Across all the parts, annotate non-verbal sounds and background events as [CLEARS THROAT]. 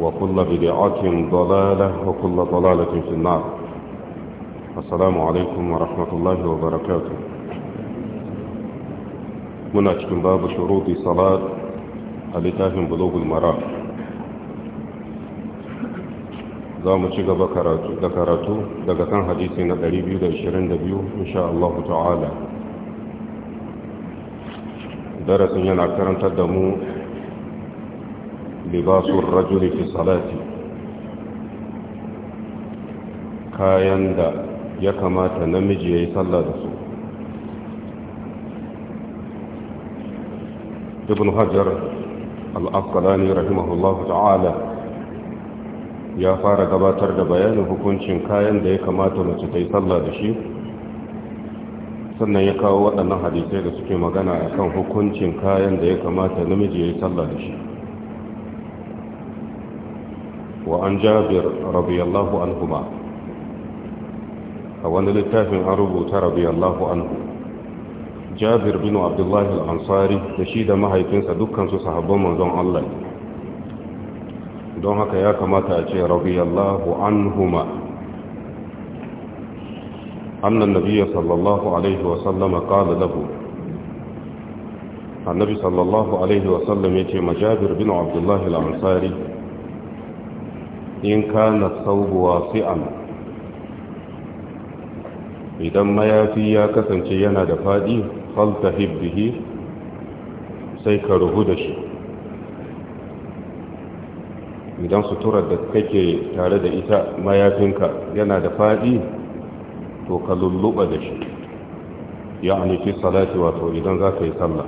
وكل بدعة ضلالة وكل ضلالة في النار السلام عليكم ورحمة الله وبركاته من أجل باب شروط صلاة الاتهم بلوغ المرأة za mu ci gaba da karatu daga kan hadisi na 222 insha Allah ta'ala darasin yana karantar da mu لباس الرجل في صلاته kayan da ya kamata namiji ya yi sallah da su ibn hajar al'afqalani rahimahullahu ta'ala ya fara gabatar da bayanin hukuncin kayan da ya kamata mace ta yi sallah da shi sannan ya kawo waɗannan hadisai da suke magana akan hukuncin kayan da ya kamata namiji ya yi sallah da shi وعن جابر رضي الله عنهما وأن للتافن أربوت رضي الله عنه جابر بن عبد الله الأنصاري تشيد ما هيفنس دكان صحابة من دون الله don haka ya kamata a ce radiyallahu anhuma annan nabiyya sallallahu alaihi wasallam qala lahu annabi sallallahu alaihi wasallam yace majabir bin abdullah al-ansari in kana saubu wasi'an idan mayafi ya kasance yana da fadi faltahib bihi sai ka ruhu da shi idan suturar da kake tare da ita mayafinka yana da fadi to ka lulluɓa da shi ya'ani fi salati wato idan za ka yi sallah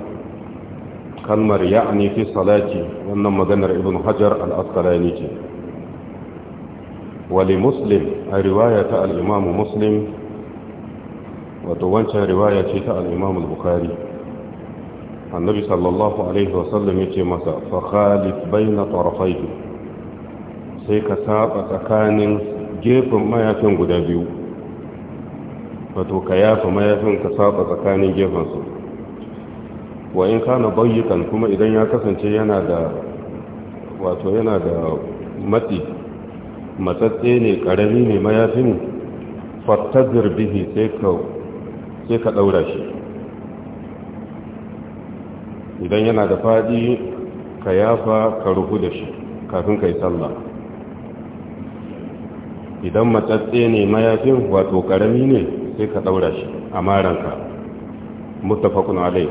kalmar ya'ani fi salati wannan maganar ibn hajar al-asqalani ce ولمسلم رواية الإمام مسلم وتوانت رواية الإمام البخاري النبي صلى الله عليه وسلم يتمس فخالف بين طرفيه سيك ساب تكان جيف ما يفن قدابيو فتوكياف ما يفن كساب تكان جيف وإن كان ضيقا كما إذن يكسن ينا دا واتو ينا دا متي matsatse ne karami ne mayafin fattazir bihi sai ka daura shi idan yana da fadi ka yafa ka ruhu da shi kafin ka yi sallah idan matsatse ne mayafin wato karami ne sai ka daura shi a maranka mutafakun alai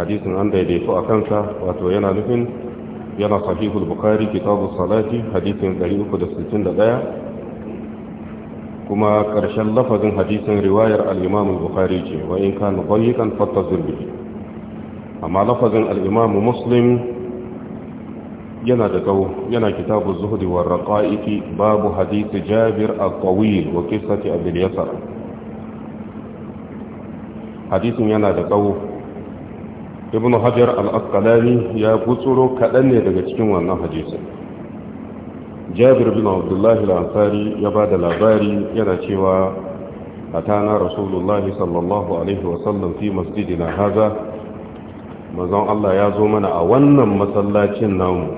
hadisun an daidaitu a kansa wato yana nufin yana sahihul bukari kitabu salati hadisin 361 kuma ƙarshen lafazin hadisin riwayar al'imamun bukari ce wa in ka kan bayyukan fatta amma lafazin al'imamu muslim yana da tsawo yana kitabu zuhudi wa raƙa'iki babu hadisi jabir al-tawil wa kisati abdul yasar hadisin yana da tsawo ibn hajar al-asqalani ya gutsuro kaɗan ne daga cikin wannan hadisi jabir bin abdullahi al-ansari ya ba da labari yana cewa atana rasulullahi sallallahu alaihi wasallam fi masjidina haza mazan allah ya zo mana a wannan masallacin namu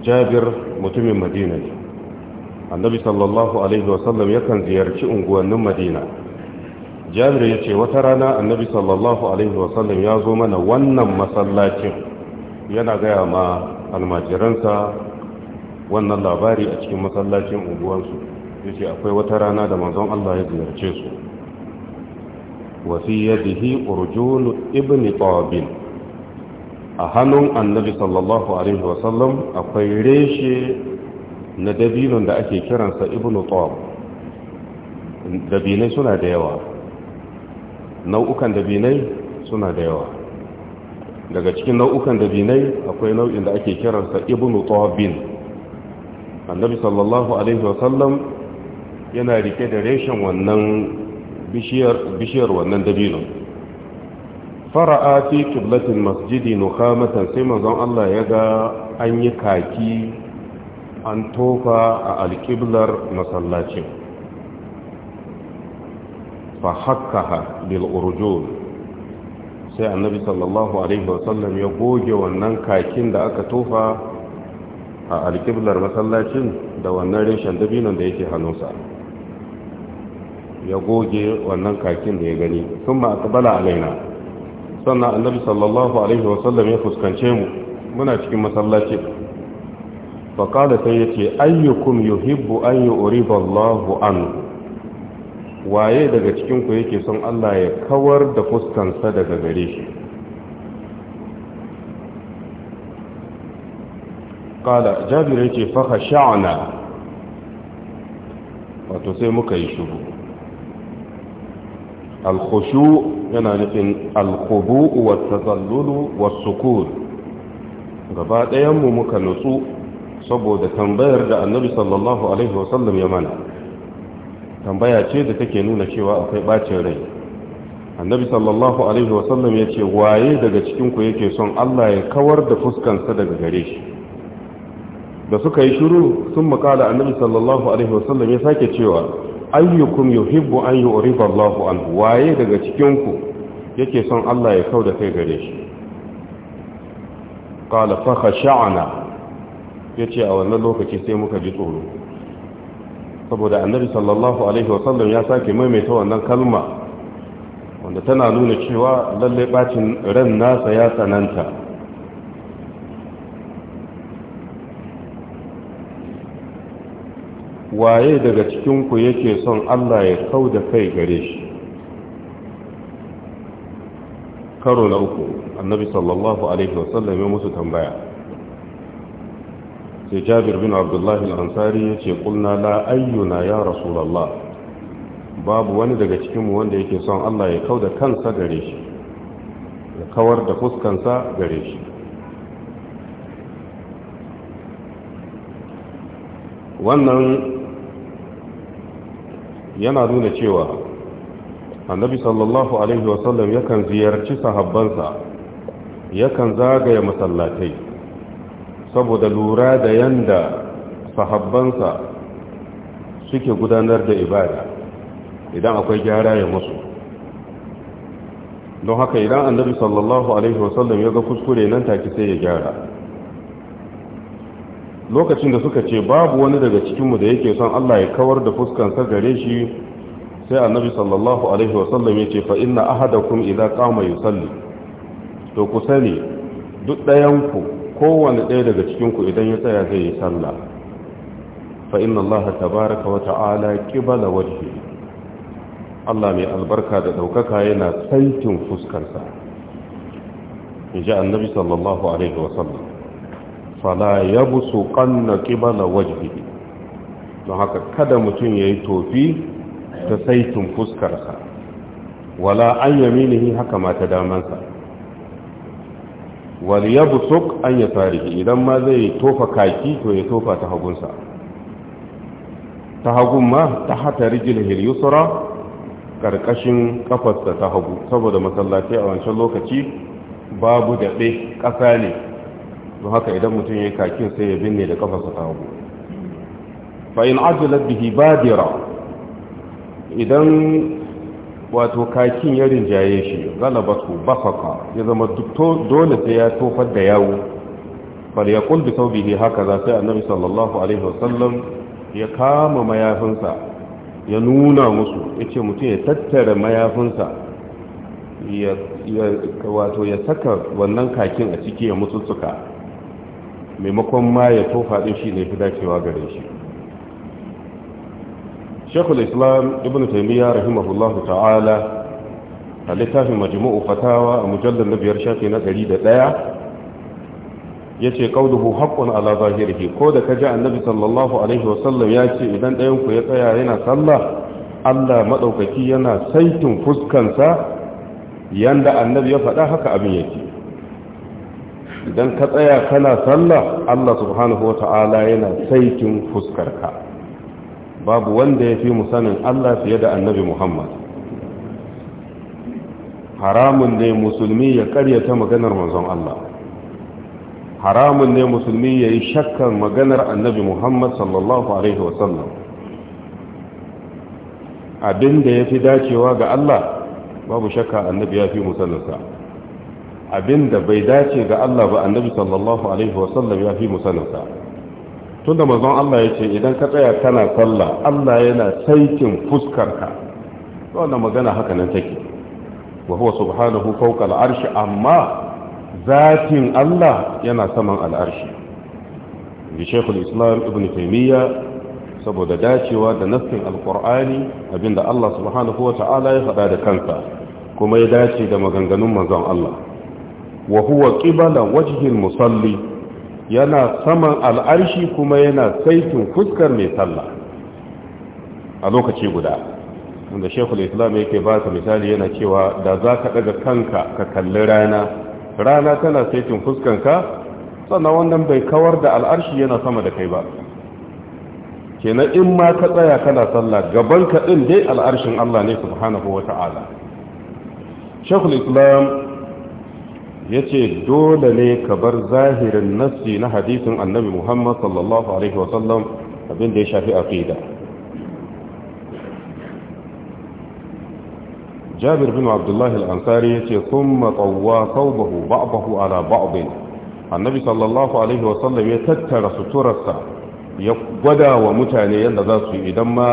jabir mutumin madina ne annabi sallallahu alaihi yakan ziyarci unguwannin madina jabir ya ce wata rana annabi sallallahu alaihi wasallam ya zo mana wannan masallacin yana gaya ma almajiransa wannan labari a cikin masallacin unguwansu ya ce akwai wata rana da manzon Allah ya ziyarce su wafi yadihi urjun ibn tabin a hannun annabi sallallahu alaihi wasallam akwai reshe na dabinon da ake kiransa ibn tab dabinai suna da yawa nau'ukan dabinai suna da yawa daga cikin nau'ukan dabinai akwai nau'in da ake kiransa ibnu tawbin annabi sallallahu alaihi wasallam yana rike da reshen wannan bishiyar wannan dabino fara'a fi qiblatil masjidi nukhamatan sai manzon Allah ya ga an yi kaki an tofa a alqiblar masallacin fa hakkaha bil urjul sai annabi sallallahu alaihi wasallam ya goge wannan kakin da aka tofa a alkiblar masallacin da wannan reshen dabinon da yake hannunsa ya goge wannan kakin da ya gani sun ma akabala alaina sannan annabi sallallahu alaihi wasallam ya fuskance mu muna cikin masallacin. faƙada sai ya ce ayyukum yuhibbu an yi uriba Allahu anhu waye daga cikinku yake son Allah ya kawar da fuskansa daga gare shi kala jabir yake faha sha'ana wato sai muka yi shiru. alkhushu yana nufin alkhubu wa tazallulu wa sukun gaba ɗayanmu muka nutsu saboda tambayar da annabi sallallahu alaihi wasallam ya mana tambaya ce da take nuna cewa akwai bacin rai annabi sallallahu alaihi wasallam ya ce waye daga cikinku yake son allah ya kawar da fuskansa daga gare shi da suka yi shiru sun makala annabi sallallahu alaihi wasallam ya sake cewa ayyukum yuhibbu an yu'riba allah anhu waye daga cikinku yake son Allah ya da kai gare shi qala fa khasha'na yace a wannan lokaci sai muka ji tsoro saboda annabi sallallahu alaihi wasallam ya sake maimaita wannan kalma wanda tana nuna cewa lallai bacin ran nasa ya tsananta waye daga cikinku yake son Allah ya kau da kai gare shi karo na uku annabi sallallahu alaihi wasallam ya musu tambaya sai jabir bin abdullahi al'ansari ya ce ƙulna la ayyuna ya rasulallah babu wani daga cikinmu wanda yake son allah ya kau da kansa gare shi ya kawar da fuskansa gare shi wannan yana nuna cewa annabi sallallahu alaihi wasallam yakan ziyarci sahabbansa yakan zagaya masallatai saboda lura da yanda sahabbansa suke gudanar da ibada idan akwai gyara ya musu don haka idan annabi sallallahu alaihi wasallam ya ga kuskure nan take sai ya gyara lokacin da suka ce babu wani daga cikinmu da yake son Allah ya kawar da fuskansa gare shi sai annabi sallallahu alaihi wasallam ya ce fa inna ahadakum idza qama yusalli to ku sani duk ɗayanku kowane ɗaya daga cikinku idan ya tsaya zai yi sallah fa inna allaha tabaraka wa ta'ala qibala wajhi Allah mai albarka da daukaka yana saitin fuskarsa inji annabi sallallahu alaihi wa sallam fala yabsu qanna qibala wajhi don haka kada mutum yayi tofi ta saitin fuskarsa wala an yaminihi haka ma ta damansa wal yabsuq an yasarihi idan ma zai tofa kaki to ya tofa ta hagunsa ta hagun ma ta hata rijlihi yusra ƙarƙashin ƙafasta ta hagu saboda masallaci a wancan lokaci babu daɓe ƙasa ne don haka idan mutum ya yi kakin sai ya binne da ƙafasta ta hagu fa'in ajilat bihi badira idan wato kakin ya rinjaye shi galabatu su ya zama dole sai ya tofar da yawo bal ya kulbi ne haka za sai annabi sallallahu alaihi wasallam ya kama mayafinsa ya nuna musu ya ce mutum ya tattara mayafinsa wato ya saka wannan kakin a ciki ya mutsutsuka maimakon ma ya tofa ɗin shi ne fi dacewa gare shi shekul islam ibn taimiyya rahimahullahu ta'ala a littafin majmu'u fatawa a mujallar na biyar shafi na ɗari da ɗaya ya ce ƙauduhu haƙƙun ala zahirihi ko da ka ji annabi sallallahu alaihi wasallam ya ce idan ɗayan ku ya tsaya yana sallah allah maɗaukaki yana saitin fuskansa yanda annabi ya faɗa haka abin yake idan ka tsaya kana sallah Allah subhanahu wa ta'ala yana saitin fuskarka babu wanda ya fi mu sanin Allah fiye da annabi Muhammad haramun ne musulmi ya karyata maganar manzon Allah haramun ne musulmi ya yi shakkan maganar annabi Muhammad sallallahu Alaihi wasallam abin ya fi dacewa ga Allah babu shakka annabi ya fi musallinsa abin da bai dace ga Allah ba annabi sallallahu Alaihi wasallam ya fi musallinsa tunda manzon Allah ya ce idan ka tsaya kana sallah Allah yana saikin fuskarka wannan magana haka nan take wa huwa subhanahu fawqa al amma zatin Allah yana saman al'arshi da shekul islam ibn taimiyya saboda dacewa da nassin alkur'ani abinda Allah subhanahu wa ta'ala ya faɗa da kansa kuma ya dace da maganganun manzon Allah wa huwa qibala wajhil musalli yana saman al'arshi kuma yana saitin fuskar mai sallah a lokaci guda wanda shekul islam yake ba su misali yana cewa da za ka daga kanka ka kalli rana rana tana saitin fuskanka sannan wannan bai kawar da al'arshi yana sama da kai ba kenan in ma ka tsaya kana sallah gaban ka dai al'arshin Allah ne subhanahu wata'ala shekul islam ya ce dole ne ka bar zahirin nassi na hadisin annabi muhammad sallallahu alaihi wasallam abinda ya shafi aqida jabir bin abdullahi al'ansari ya ce sun matsawa saubahu ba'abahu ala ba'abin annabi sallallahu alaihi wasallam ya tattara suturarsa ya gwada wa mutane yadda za su idan ma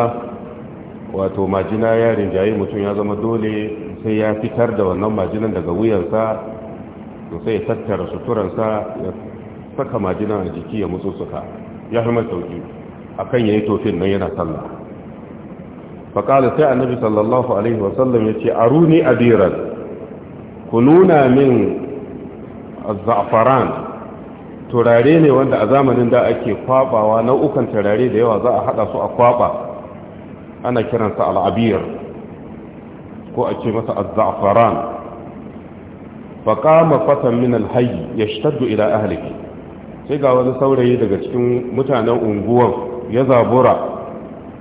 wato majina ya rinjaye mutum ya zama dole sai ya fitar da wannan majinan daga wuyarsa. sai ya tattara suturansa ya saka majina a jiki ya suka, ya fi masauki a kan ya yi tofin nan yana sallah faƙalar sai annabi sallallahu alaihi wasallam ya ce a runi adiran ku nuna min za'afaran turare ne wanda a zamanin da ake kwabawa nau'ukan turare da yawa za a haɗa su a kwaba ana kiransa al'abiyar. ko a ce masa azza'afaran faƙama fatan min alhayi ya shaddu ila ahaliki sai ga wani saurayi daga cikin mutanen unguwar ya zabura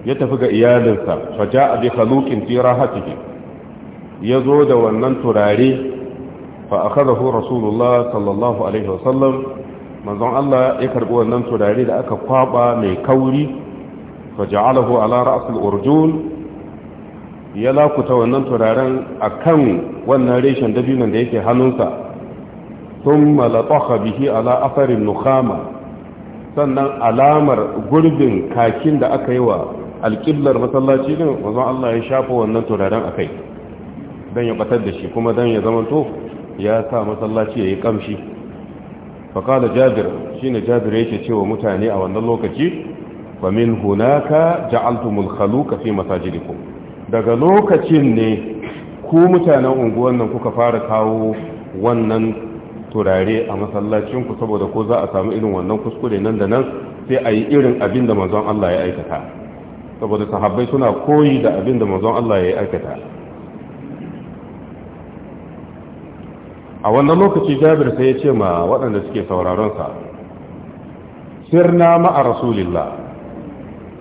ya tafi ga iyalinsa faja abi halukin tira hatiki ya zo da wannan turare fa'akadahu rasulullah sallallahu alaihi wasallam manzon Allah ya karɓi wannan turare da aka kwaba mai kauri faja'alahu ala ra'sul urjun ya lakuta wannan turaren a kan wannan reshen dabinan da yake hannunsa sun malatsa bihi ala afarin nukama sannan alamar gurbin kakin da aka yi wa alƙillar masallaci ne wanzan Allah ya shafa wannan turaren a kai don ya batar da shi kuma don ya zamanto ya sa masallaci ya yi ƙamshi faƙada jabir shi ne jabir yake wa mutane a wannan lokaci famin hunaka ja'altumul khaluqa fi masajidikum daga lokacin ne ku mutanen unguwan nan kuka fara kawo wannan turare a masallacinku saboda ko za a samu irin wannan kuskure nan da nan sai a yi irin abin da manzon Allah ya aikata saboda sahabbai suna koyi da abin da manzon Allah ya aikata a wannan lokaci jabir sai ya ce ma waɗanda suke sauraron sa, sirna ma'a rasulillah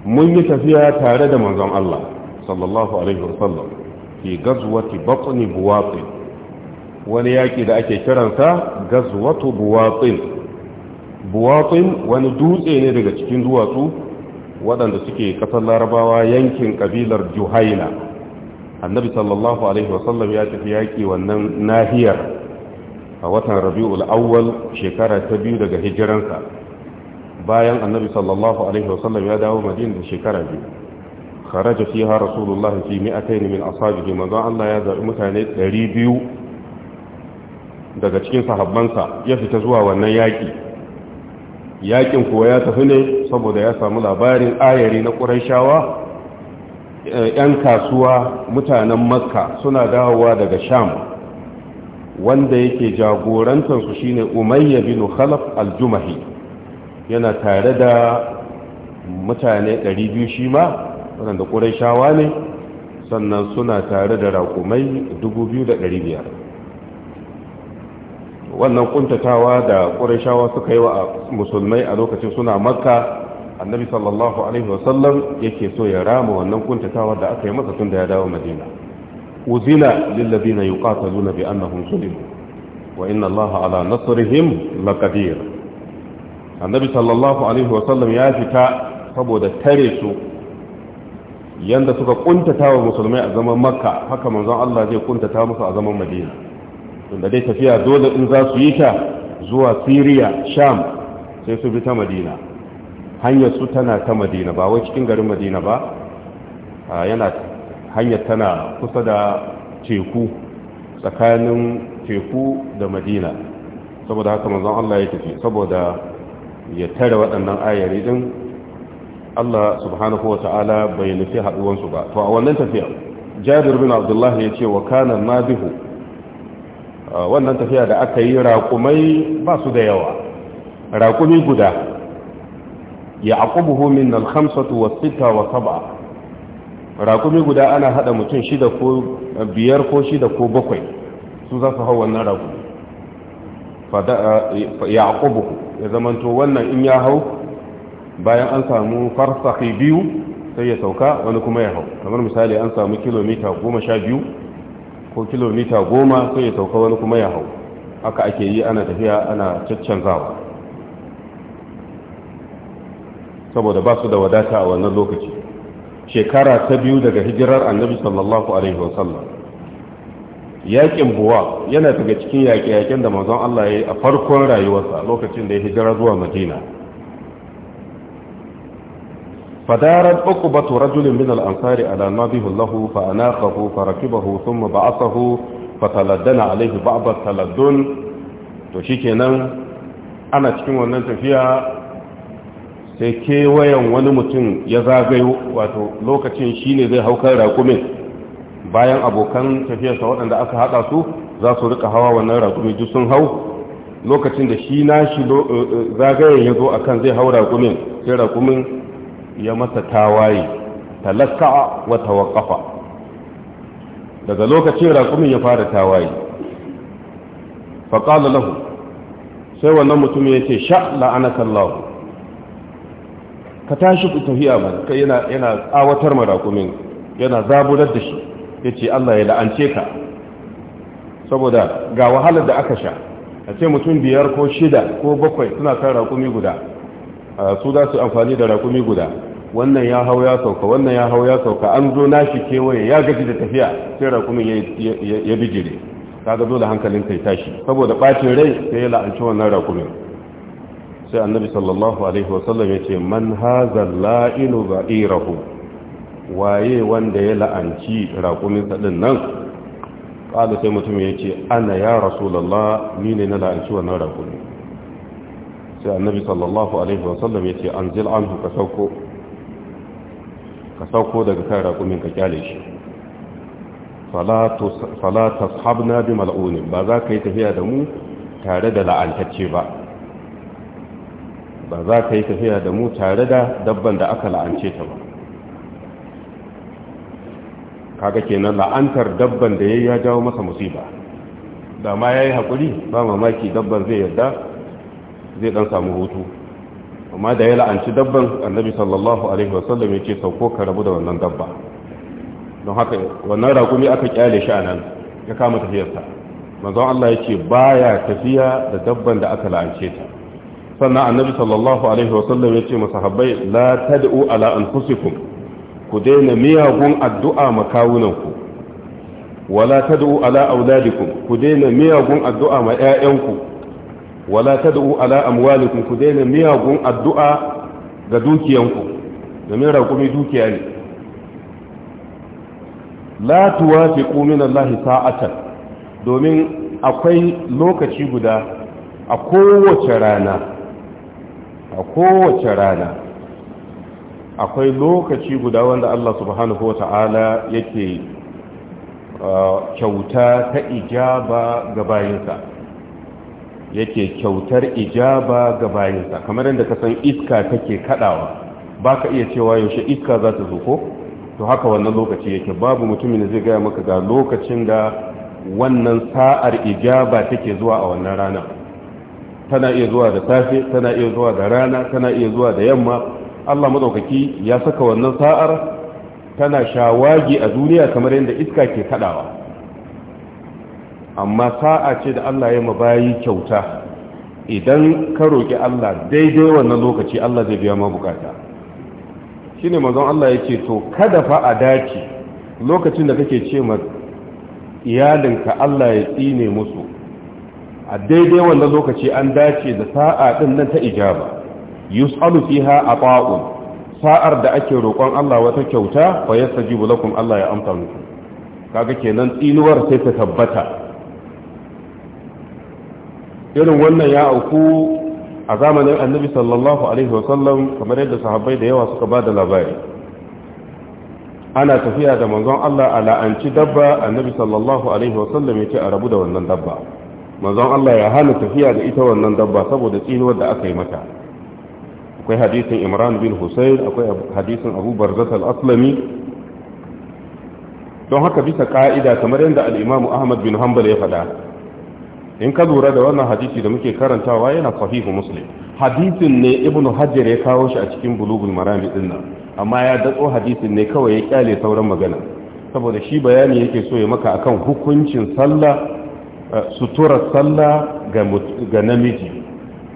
mun yi tafiya tare da manzon Allah sallallahu alaihi wasallam fi gazwati batni buwatin wani yaki da ake kiransa gazwatu buwatin buwatin wani dutse ne daga cikin duwatsu waɗanda suke ƙasar larabawa yankin ƙabilar juhaina annabi sallallahu alaihi wasallam ya tafi yaƙi wannan nahiyar a watan rabi'ul awwal shekara ta biyu daga hijiransa bayan annabi sallallahu alaihi wasallam ya dawo madina da shekara biyu kharaja fiha rasulullah fi mi'atayn min ashabihi manzo Allah ya zabi mutane 200 daga cikin sahabbansa ya fita zuwa wannan yaƙi. Yaƙin kuwa ya tafi ne saboda ya samu labarin ayari na qurayshawa eh, yan kasuwa mutanen makka suna dawowa daga sham wanda yake jagorantar su shine umayya bin khalaf aljumahi yana tare da mutane 200 shi ma waɗanda shawa ne sannan suna tare da raƙumai 2,500 wannan ƙuntatawa da shawa suka yi wa musulmai a lokacin suna makka annabi sallallahu alaihi wasallam yake so ya rama wannan ƙuntatawa da aka yi masa tun da ya dawo madina uzina lillazina yuqataluna bi annahum zulimu wa inna allaha ala nasrihim laqadir annabi sallallahu alaihi wasallam ya fita saboda tare su yanda suka kuntata wa musulmai a zaman makka haka manzon Allah zai kuntata musu a zaman madina Inda dai tafiya dole in za su yi ta zuwa siriya sham sai su bi ta madina hanyar su tana ta madina ba wai cikin garin madina ba yana hanyar tana kusa da teku tsakanin teku da madina saboda haka manzon Allah ya tafi saboda ya tare waɗannan ayyari din Allah subhanahu wa ta'ala bai nufi haɗuwansu ba to a wannan tafiya jabir bin abdullah ya ce wa kana nadihu wannan tafiya da aka yi raƙumai ba su da yawa raƙumi guda ya aqubuhu min al-khamsatu was-sitta wa sab'a raƙumi guda ana hada mutum shida ko biyar ko shida ko bakwai su za su hau wannan raƙumi fa ya aqubuhu ya zamanto wannan in ya hau bayan an samu farsaki biyu sai ya sauka wani kuma ya hau kamar misali an samu kilomita goma sha biyu ko kilomita goma sai ya sauka wani kuma ya hau haka ake yi ana tafiya ana caccanzawa saboda ba su da wadata a wannan lokaci shekara ta biyu daga hijirar annabi sallallahu alaihi wasallam yakin buwa yana daga cikin yaƙe-yaƙen da mazan Allah ya yi a farkon rayuwarsa lokacin da ya hijira zuwa madina فدارت عقبة رجل من الأنصار على نابه له فأناخه فركبه ثم بعثه فتلدن عليه بعض التلدن تشيكنا أنا تكون wannan tafiya sai kewayen wani mutum ya zagayo wato lokacin shi ne zai bayan abokan tafiyarsa waɗanda aka haɗa su za su rika hawa wannan rakumin duk sun hau lokacin da shi shi zagayen ya zo akan zai hau rakumin sai rakumin ya masa tawaye talaka wa tawakkafa daga lokacin raƙumin ya fara tawaye faƙala lahu sai wannan mutum ya ce sha la'anakallahu ka tashi ku tafiya ba kai yana yana tsawatar ma raƙumin yana zaburar da shi yace Allah ya la'ance ka saboda ga wahalar da aka sha a ce mutum biyar ko shida ko bakwai suna kan raƙumi guda su za su amfani da raƙumi guda wannan ya hau ya sauka wannan ya hau ya sauka an zo nashi kewaye ya gaji da tafiya sai rakumin ya bijire kaga dole hankalin kai tashi saboda bacin rai sai ya la'anci wannan rakumin sai annabi sallallahu alaihi wasallam ya ce man haza la'inu ba'irahu waye wanda ya la'anci rakumin sa din nan kada sai mutum ya ce ana ya rasulullah ni ne na la'anci wannan rakumin sai annabi sallallahu alaihi wasallam ya ce anzil anhu ka sauko ka sauko daga kan raƙumin ka kyale shi falatas habna bi mal'unin ba za ka yi tafiya da mu tare da la'antacce ba ba za ka yi tafiya da mu tare da dabban da aka la'ance ta ba kaga kenan la'antar dabban da ya jawo masa musiba da ma ya yi haƙuri ba mamaki dabban zai yarda zai ɗan samu hutu amma da ya la'anci dabban annabi sallallahu alaihi wasallam ya ce sauko ka rabu da wannan dabba don haka wannan ragumi aka kyale shi a nan ya kama tafiyarsa manzon Allah ya ce baya tafiya da dabban da aka la'ance ta sannan annabi sallallahu alaihi wasallam ya ce masahabbai la tad'u ala anfusikum ku daina miyagun addu'a makawunanku wala tad'u ala auladikum ku daina miyagun addu'a ma 'ya'yanku wala tad'u ala amwalikum ku daina miyagun addu'a ga dukiyanku domin raƙumi dukiya ne la tuwafiqu min Allah sa'atan domin akwai lokaci guda a kowace rana a kowace rana akwai lokaci guda wanda Allah subhanahu wata'ala yake uh, kyauta ta ijaba ga bayinsa yake kyautar ijaba ga bayinsa kamar yadda ka san iska take kadawa ba ka iya cewa yaushe iska za ta zo ko to haka wannan lokaci yake babu mutumin da zai gaya maka ga lokacin da wannan sa'ar ijaba take zuwa a wannan rana tana iya zuwa da safe tana iya zuwa da rana tana iya zuwa da yamma Allah madaukaki ya saka wannan sa'ar tana shawagi a duniya kamar yadda iska ke kadawa amma sa'a ce da Allah ya mabayi kyauta idan ka roƙi Allah daidai wannan lokaci Allah zai biya ma bukata ne mazan Allah ya ce to kada fa a dace lokacin da kake ce ma iyalinka Allah ya tsine musu a daidai wannan lokaci an dace da sa'a din nan ta ijaba yus'alu fiha ata'un sa'ar da ake roƙon Allah wata kyauta fa ji lakum Allah ya amsa muku kaga kenan tsinuwar sai ta tabbata irin wannan ya auku a zamanin annabi sallallahu alaihi wasallam kamar yadda sahabbai da yawa suka ba da labari ana tafiya da manzon Allah a la'anci dabba annabi sallallahu alaihi wasallam ya ce a rabu da wannan dabba manzon Allah ya hana tafiya da ita wannan dabba saboda tsinuwar da aka yi mata akwai hadisin imran bin husayn akwai hadisin abu barzat al-aslami don haka bisa ka'ida kamar yadda al-imam ahmad bin hanbal ya faɗa in ka lura da wannan hadisi da muke karantawa yana sahihu muslim hadisin ne ibnu Hajjar ya kawo shi a cikin bulugul marami din nan amma ya datso hadisin ne kawai ya kyale sauran magana saboda shi bayani yake so ya maka akan hukuncin sallah eh, sutura sallah ga namiji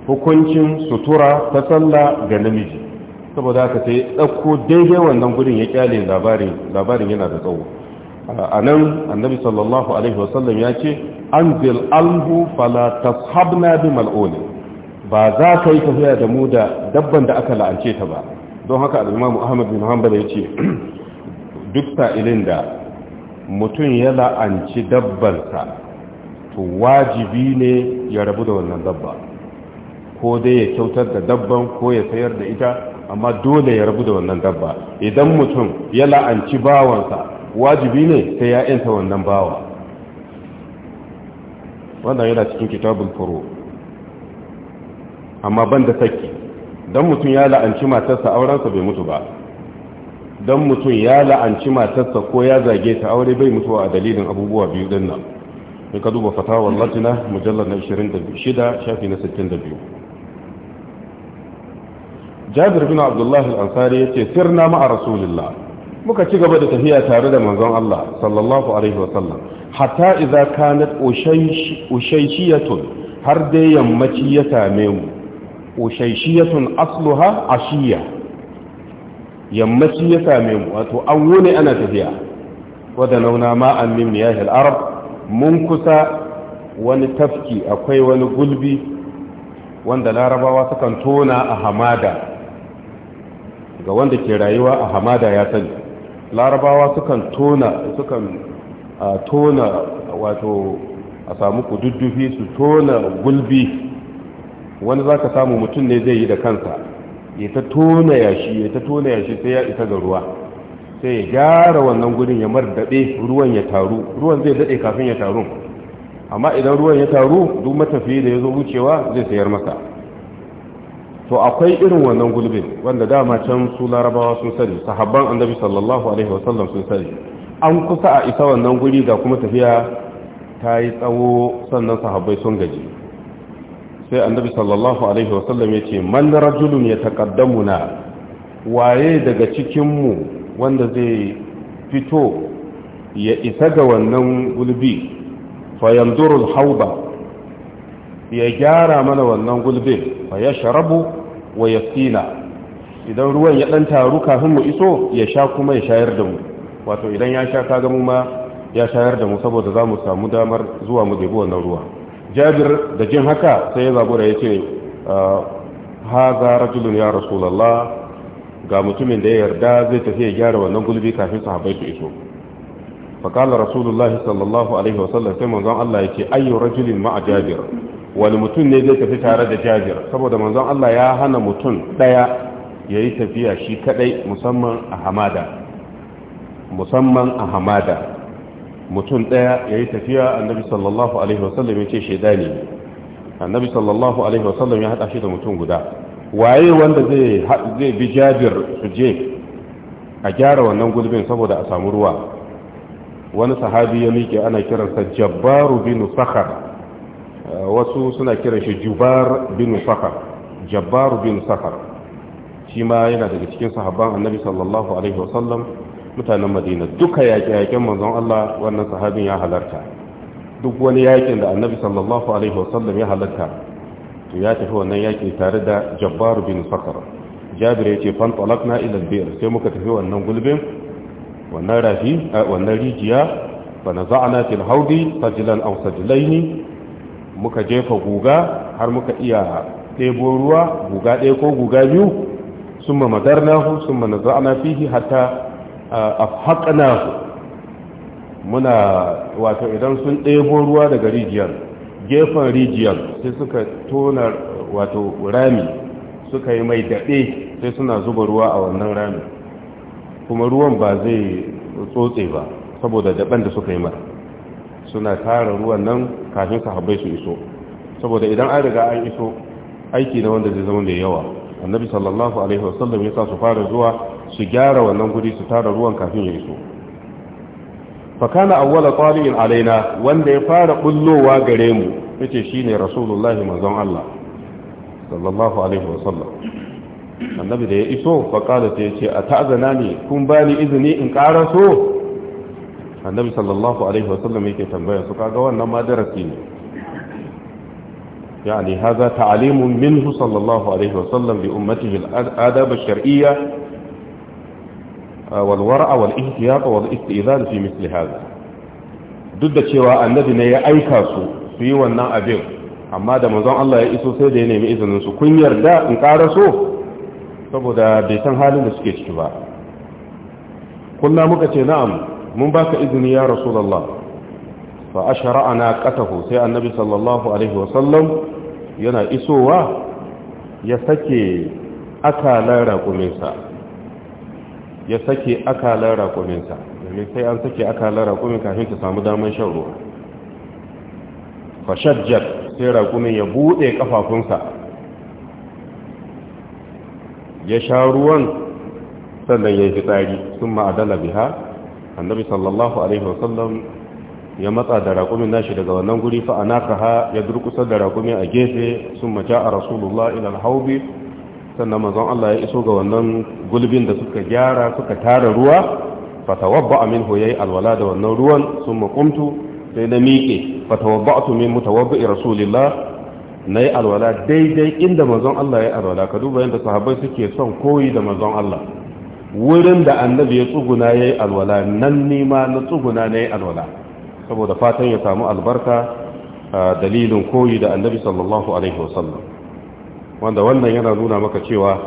hukuncin sutura ta sallah ga namiji saboda haka sai dauko daidai wannan gudun ya kyale labarin labarin yana da tsawo a nan annabi sallallahu alaihi wasallam ya ce anzil albu fala tashabna bi mal'un ba za ka yi tafiya da mu da dabban da aka la'ance ta ba don haka al-imamu ahmad bin hanbal yace [CLEARS THROAT] duk sa'ilin da mutum ya la'anci dabbansa to wajibi ne ya rabu da wannan dabba ko dai ya kyautar da dabban ko ya sayar da ita amma dole ya rabu da wannan dabba idan mutum ya la'anci bawansa wajibi ne sai ya yanta wannan bawa wannan yana cikin kitabun furu amma ban da saki don mutum ya la'anci matarsa aurensa bai mutu ba don mutum ya la'anci matarsa ko ya zage ta aure bai mutuwa a dalilin abubuwa biyu din nan in ka duba fatawar latina mujallar na 26 shafi na 62 jabir bin abdullahi ya ce sirna ma'a rasulullah muka ci gaba da tafiya tare da manzon Allah sallallahu alaihi sallam. hatta idza kanat ushaishiyatun har dai yammaci ya same mu ushaishiyatun asluha ashiya yammaci ya same mu wato an wune ana tafiya wadda nauna ma'an min miyahil arab mun kusa wani tafki akwai wani gulbi wanda larabawa sukan tona a hamada ga wanda ke rayuwa a hamada ya sani larabawa sukan tona sukan tona wato a samu kududdufi su tona gulbi wani za ka samu mutum ne zai yi da kansa ya ta tona yashi ya ta tona yashi sai ya isa ga ruwa sai ya gyara wannan gudun ya mar daɗe ruwan ya taru ruwan zai daɗe kafin ya taru amma idan ruwan ya taru duk matafiya da ya zo wucewa zai sayar masa to akwai irin wannan gulbin wanda dama can su larabawa sun sani sahabban annabi sallallahu alaihi wasallam sun sani an kusa a isa wannan guri ga kuma tafiya ta yi tsawo sannan sahabbai sun gaji sai annabi sallallahu alaihi wasallam ya ce man rajulun ya na waye daga cikin mu wanda zai fito ya isa ga wannan gulbi fa yanzuru al-hawda ya gyara mana wannan gulbin fa yashrabu wa yasqina idan ruwan ya dan taru kafin mu iso ya sha kuma ya shayar da mu wato idan ya sha kaga mu ma ya shayar da mu saboda zamu samu damar zuwa mu debi wannan ruwa jabir da jin haka sai ya zabura ya ce ah, haza rajulun ya rasulallah ga mutumin da ya yarda zai tafi ya gyara wannan gulbi kafin sahabbai su iso faƙalar rasulullahi sallallahu alaihi wasallam sai manzon Allah ya ce ayyu rajulin ma'a jabir wani mutum ne zai tafi tare da jabir saboda manzon Allah ya hana mutum daya ya yi tafiya shi kadai musamman a hamada musamman a hamada mutum daya ya yi tafiya annabi sallallahu alaihi wasallam ya ce shaidani annabi sallallahu alaihi wasallam ya hada shi da mutum guda waye wanda zai zai bi jabir su je a gyara wannan gulbin saboda a samu ruwa wani sahabi ya miƙe ana kiransa jabbaru bin sakhar wasu suna kiran shi jubar bin sakar jabbar bin sakar shi ma yana daga cikin sahabban annabi sallallahu alaihi wasallam mutanen madina duka yaƙe-yaƙen manzon Allah wannan sahabin ya halarta duk wani yaƙin da annabi sallallahu alaihi wasallam ya halarta to ya tafi wannan yaƙi tare da jabbar bin sakar jabir ya ce fan talakna ila bir sai muka tafi wannan gulbin wannan rafi wannan rijiya fa naza'na fil haudi sajlan aw sajlaini muka jefa guga har muka iya ɗebo ruwa guga ɗaya ko guga biyu sun ma nahu sun ma ana fihi haƙa nahu muna wato idan sun ɗebo ruwa daga rijiyar gefen rijiyar sai suka tona wato rami suka yi mai daɗe sai suna zuba ruwa a wannan rami kuma ruwan ba zai tsotse ba saboda daɓen da suka yi mara suna tara ruwan nan kafin sahabbai su iso saboda idan an riga an iso aiki na wanda zai zama mai yawa annabi sallallahu alaihi wasallam ya sa su fara zuwa su gyara wannan guri su tara ruwan kafin ya iso fakana awwala tali'in alaina wanda ya fara bullowa gare mu yace shine rasulullahi manzon Allah sallallahu alaihi wasallam annabi da ya iso fakala ta yace ata'zana ne kun bani izini in karaso annabi sallallahu alaihi wasallam yake tambaya su kaga wannan ma darasi ne yani haza ta'alimun minhu sallallahu alaihi wasallam li ummatihi al-adab ash-shar'iyya ah, wal war'a wal ihtiyat wal istizan fi misli hadha duk da cewa annabi ne ya aika su su yi wannan abin amma da manzon Allah ya iso sai da ya nemi izinin su kun yarda in so saboda bai san halin da suke ciki ba kullum muka ce na'am mun baka izini ya rasulullah fa na qatahu sai annabi sallallahu alaihi wasallam yana isowa ya sake akalar raƙuminsa ya sake akalar raƙuminsa domin sai an sake akalar raƙumin kafin ta samu damar shan ruwa fashajjar sai raƙumin ya buɗe ƙafafunsa ya sha ruwan sannan ya yi fitsari sun ma'adala biha annabi sallallahu alaihi wasallam ya matsa da raƙumin nashi daga wannan guri fa ha ya durkusa da raƙumin a gefe sun maja a rasulullah ila sannan mazan Allah ya iso ga wannan gulbin da suka gyara suka tara ruwa fatawabba minhu yayi alwala da wannan ruwan sun makumtu sai na miƙe fatawabba'tu min mutawabbi rasulillah nayi alwala daidai inda mazan Allah ya alwala ka duba yadda sahabbai suke son koyi da manzon Allah wurin da annabi ya tsuguna ya yi alwala nan nima na tsuguna na yi alwala saboda fatan ya samu albarka dalilin koyi da annabi sallallahu alaihi wasallam wanda wannan yana nuna maka cewa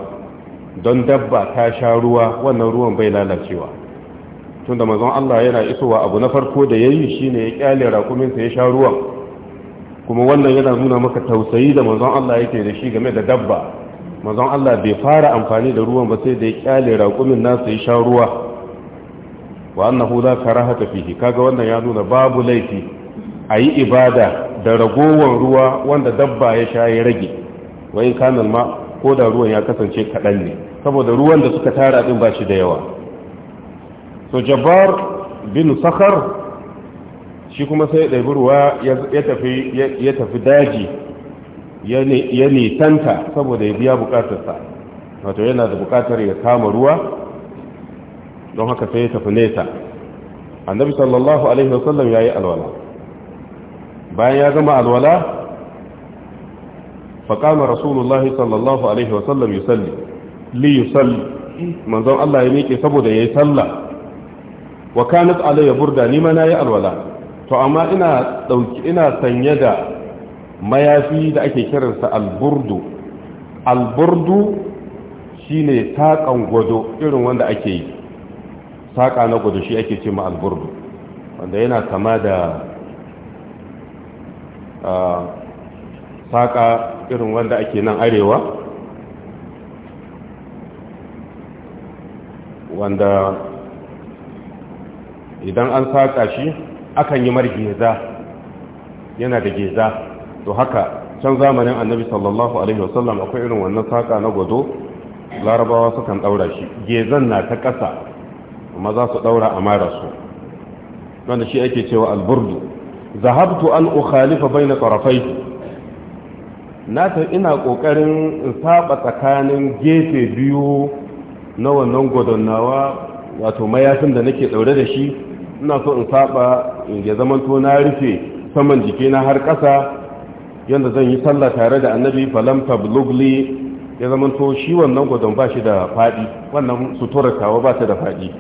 don dabba ta sha ruwa wannan ruwan bai lalacewa tun da mazan Allah yana isowa abu na farko da ya yi shi ne ya kyale rakuminsa ya sha ruwan kuma wannan yana nuna maka tausayi da mazan Allah yake da shi game da dabba mazan Allah bai fara amfani da ruwan ba sai da ya kyale raƙumin nasa ya sha ruwa wa annahu la karaha fihi kaga wannan ya nuna babu laifi a yi ibada da ragowar ruwa wanda dabba ya sha ya rage wa in kana ma ko da ruwan ya kasance kaɗan ne saboda ruwan da suka tara din ba shi da yawa so jabbar bin sakhar shi kuma sai ya ruwa ya tafi daji ya nitanta saboda ya biya bukatarsa wato yana da bukatar ya kama ruwa don haka sai ya tafi nesa annabi sallallahu alaihi wasallam ya yi alwala bayan ya gama alwala faƙama rasulullahi sallallahu alaihi wasallam yusalli li yusalli manzon Allah ya miƙe saboda ya sallah wa kanat alayya burda ni ma na yi alwala to amma ina ɗauki ina sanye da mayafi da ake kiransa alburdu alburdu shine saƙan gwado irin wanda ake yi saƙa na gwado shi ake ce alburdu wanda yana kama da saƙa irin wanda ake nan arewa wanda idan an saƙa shi akan yi margeza yana da geza to haka can zamanin annabi sallallahu alaihi wasallam akwai irin wannan saka na gwado larabawa sukan daura shi gezan na ta ƙasa amma za su daura a mara su wanda shi ake cewa alburdu zahabtu an ukhalifa baina na ta ina kokarin in saba tsakanin gefe biyu na wannan gwadonnawa wato mayafin da nake daure da shi ina so in saba ya zamanto na rufe saman jikina har ƙasa yanda zan yi sallah tare da annabi falam tablugli ya zama to shi wannan gudun ba shi da faɗi wannan sutura kawo ba ta da faɗi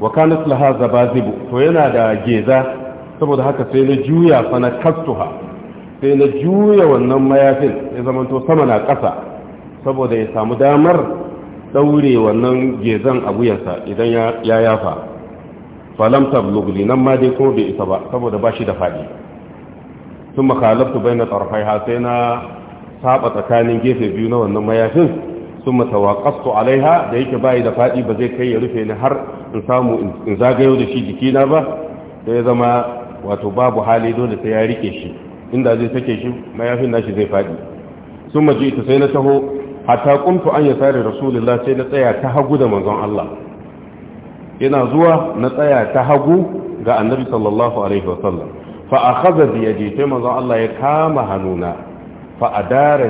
wa kanat laha zabazibu to yana da geza saboda haka sai na juya fa na kastuha sai na juya wannan mayafin ya zama to sama na ƙasa saboda ya samu damar daure wannan gezan a wuyansa idan ya yafa falam tablugli nan ma dai kuma bai isa ba saboda ba shi da faɗi. sun makalabtu bai na tsarfai sai na saba tsakanin gefe biyu na wannan mayafin sun matawakastu alaiha da yake bayi da faɗi ba zai kai ya rufe ni har in samu in zagayo da shi jikina ba da ya zama wato babu hali dole sai ya rike shi inda zai sake shi mayafin nashi zai faɗi sun maji ita sai na taho hatta kuntu an ya sare rasulullah sai na tsaya ta hagu da manzon Allah yana zuwa na tsaya ta hagu ga annabi sallallahu alaihi wasallam fa a bi je sai manzon Allah ya kama hannuna fa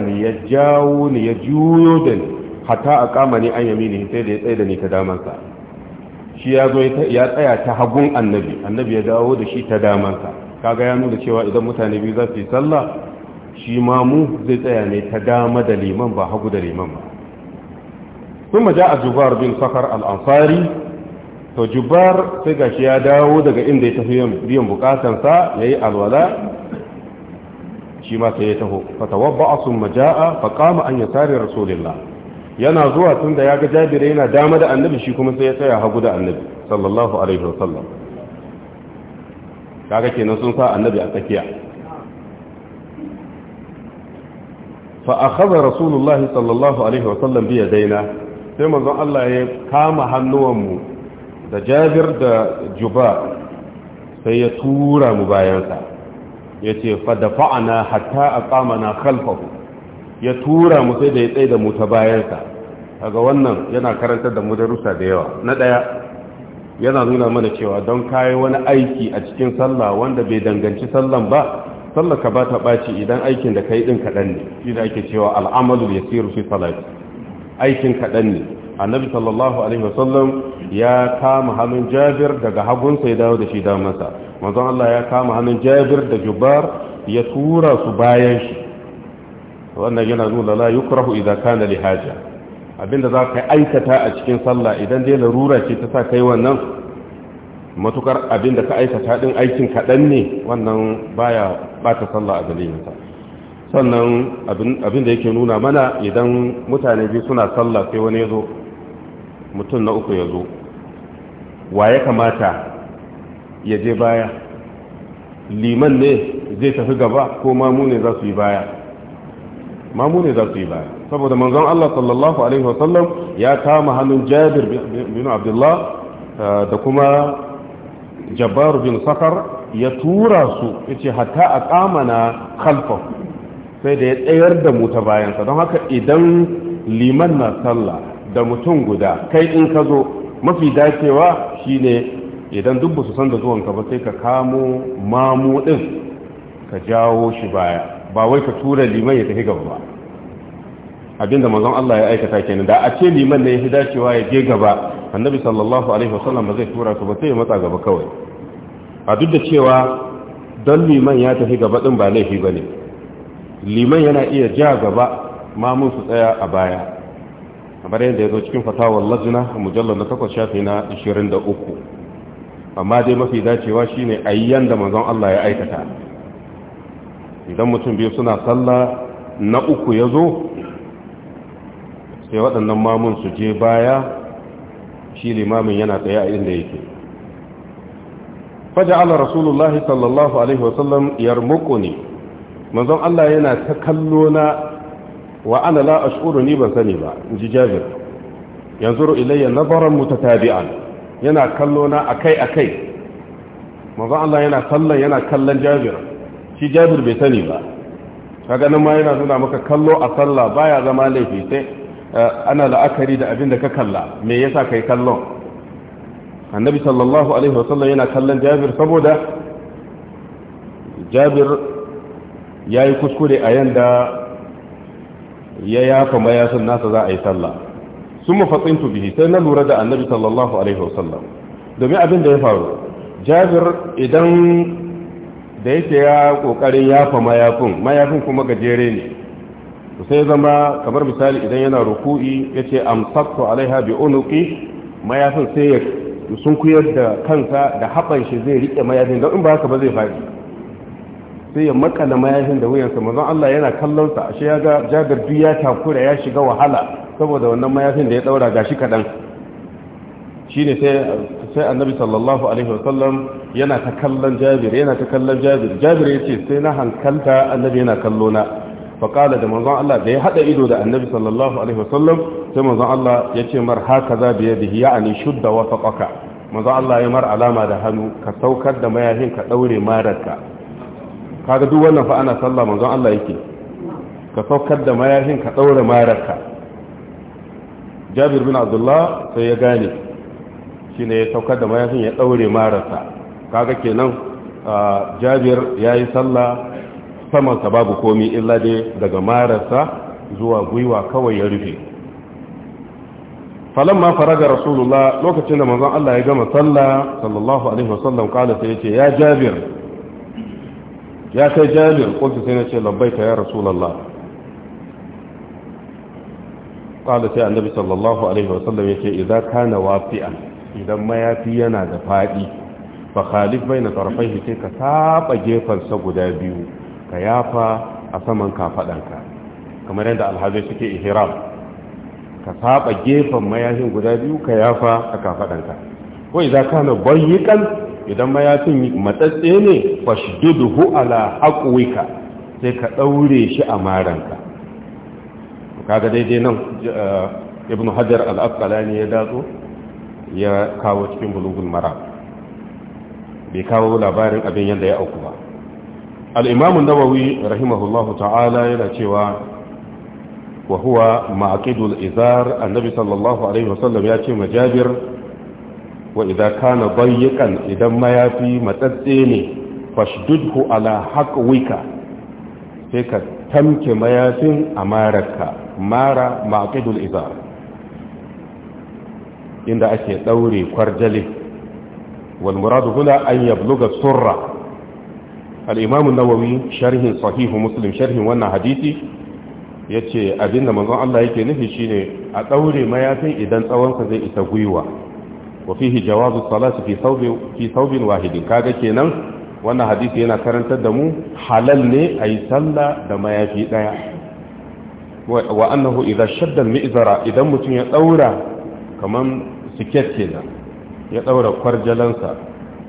ni ya jawo ni ya juyo da ni hatta kama ni an ni sai da ya tsaye da ni ta damansa shi ya zo ya tsaya ta hagun annabi annabi ya dawo da shi ta damansa kaga ya nuna cewa idan mutane biyu za su yi sallah shi ma mu zai tsaya ne ta dama da liman ba hagu da liman ba ثم جاء جبار بن صخر alamfari. to jubar sai gashi ya dawo daga inda ya tafi biyan bukatansa ya yi alwala shi ma sai ya taho fatawabba asun maja'a fa kama an yasari rasulillah yana zuwa tun da ya ga jabir yana dama da annabi shi kuma sai ya tsaya hagu da annabi sallallahu alaihi wasallam kaga kenan sun sa annabi a tsakiya fa akhadha rasulullahi sallallahu alaihi wasallam bi yadaina sai manzon Allah ya kama hannuwan mu. da jabir da juba sai ya tura mu bayansa ya ce na hatta a kamana kalfahu ya tura mu sai da ya tsaye da mu ta bayansa daga wannan yana karantar da mu da da yawa na ɗaya yana nuna mana cewa don kayi wani aiki a cikin sallah wanda bai danganci sallan ba sallah ka ba ta ɓaci idan aikin da ka yi ɗin kaɗan ne shi da ake cewa al'amalu ya siru fi salati aikin kaɗan ne annabi sallallahu alaihi wasallam ya kama hannun jabir daga hagunsa ya dawo da shi damansa manzon Allah ya kama hannun jabir da jubar ya tura su bayan shi wannan yana nuna la yukrahu idza kana li haja abinda za ka aikata a cikin sallah idan dai larura ce ta sa kai wannan matukar abinda ka aikata din aikin kadan ne wannan baya bata sallah a dalilinsa sannan abin da yake nuna mana idan mutane biyu suna sallah sai wani ya zo mutum na uku ya zo wa ya kamata ya je baya liman ne zai tafi gaba ko mamu ne za su yi baya mamu ne za su yi baya saboda manzon Allah sallallahu alaihi wasallam ya kama hannun Jabir bin Abdullah eh, da kuma Jabbar bin Sakar ya tura su yace hatta a aqamana khalfa sai da ya tsayar da mu ta bayansa don haka idan liman na sallah da mutum guda kai in ka zo mafi dacewa shine idan duk basu san da ka ba sai ka kamo mamu din ka jawo shi baya ba wai ka tura liman ya tafi gaba ba abinda manzon Allah ya aikata kenan da a ce liman ne ya fi dacewa ya je gaba annabi sallallahu alaihi wasallam ba zai tura su ba sai ya matsa gaba kawai a duk da cewa don liman ya tafi gaba din ba laifi bane liman yana iya ja gaba mamun su tsaya a baya kamar yadda ya zo cikin fatawar lajina mujallar na takwas shafi na 23 amma dai mafi dacewa shine ayyan da manzon Allah ya aikata idan mutum biyu suna sallah na uku ya zo sai waɗannan mamun su je baya shi limamin yana tsaye a inda yake faja'ala rasulullahi sallallahu alaihi wasallam ne, manzon Allah yana ta kallo na wa ana la ashuru ni ban sani ba in ji jabir yanzuru ilayya nazaran mutatabi'an yana kallo na akai akai manzo Allah yana kallon yana kallon jabir shi jabir bai sani ba kaga nan ma yana nuna maka kallo a sallah baya zama laifi sai eh, ana la'akari da abin da ka kalla me yasa kai kallon annabi sallallahu alaihi wasallam yana kallon jabir saboda jabir yayi kuskure a yanda ya yafa mayafin nasa za a yi sallah sun mafatsintu bihi sai na lura da annabi sallallahu alaihi wasallam domin abin da ya faru jabir idan da yake ya kokarin yafa mayafin mayafin kuma gajere ne sai zama kamar misali idan yana ruku'i ya ce amsaktu alaiha bi unuqi mayafin sai ya sun da kansa da haɓan shi zai riƙe mayafin don in ba haka ba zai faɗi sai ya makala mayafin da wuyansa mazan Allah yana kallonsa a ashe ya ga jagar duk ya takura ya shiga wahala saboda wannan mayafin da ya daura gashi kadan shine sai sai annabi sallallahu alaihi wasallam yana ta kallon jabir yana ta kallon jabir jabir ya ce sai na hankalta annabi yana kallo na da mazan Allah da ya haɗa ido da annabi sallallahu alaihi wasallam sai mazan Allah ya ce mar haka za bi yadihi ya'ani shudda wata faqaka mazan Allah ya mar alama da hannu ka saukar da mayahin ka ɗaure mararka kaga duk wannan fa ana sallah manzon Allah yake ka saukar da mayahin ka daura mararka Jabir bin Abdullah sai ya gane shine ya saukar da mayahin ya daure mararsa kaga kenan Jabir yayi sallah sama sababu babu komi illa dai daga mararsa zuwa gwiwa kawai ya rufe ma rasulullah lokacin da manzon Allah ya gama sallah sallallahu alaihi wasallam kala sai ya ce ya Jabir. ya kai jabir kuntu sai na ce labbaika ya rasulullah qala sai annabi sallallahu alaihi wasallam yace ka na wafi'a idan mayafi yana da faɗi, fa khalif baina tarfaihi sai ka taɓa gefan sa guda biyu ka yafa a saman kafaɗanka. kamar yadda alhazai suke ihram ka taɓa gefan mayafin guda biyu ka yafa a kafadanka wai idza kana bayyikan idan mayafin matsatse ne fashdudhu ala haqwika sai ka ɗaure shi a maranka kaga daidai nan eh, ibnu hajar al ne ya datso ya kawo cikin bulugun mara. bai kawo labarin abin yadda ya auku ba al-imam nawawi rahimahullahu ta'ala yana cewa wa huwa ma'qidul izar annabi sallallahu alaihi wasallam ya ce majabir wa idan kana bayyakan idan mayafi matsatse ne fashdudhu ala haqwika sai ka tamke mayafin a mararka mara maqidul izar inda ake daure kwarjale wal muradu huna an yabluga surra al-imam an-nawawi sharhin sahih muslim sharhin wannan hadisi yace abinda manzon Allah yake nufi shine a daure mayafin idan tsawon sa zai isa gwiwa wa fihi jawazu salati fi thawbin fi thawbin wahidin kaga kenan wannan hadisi yana karantar da mu halal ne ayi sallah da mayafi daya wa annahu idza shadda al-mi'zara idan mutum ya daura kaman siket kenan ya daura kwarjalansa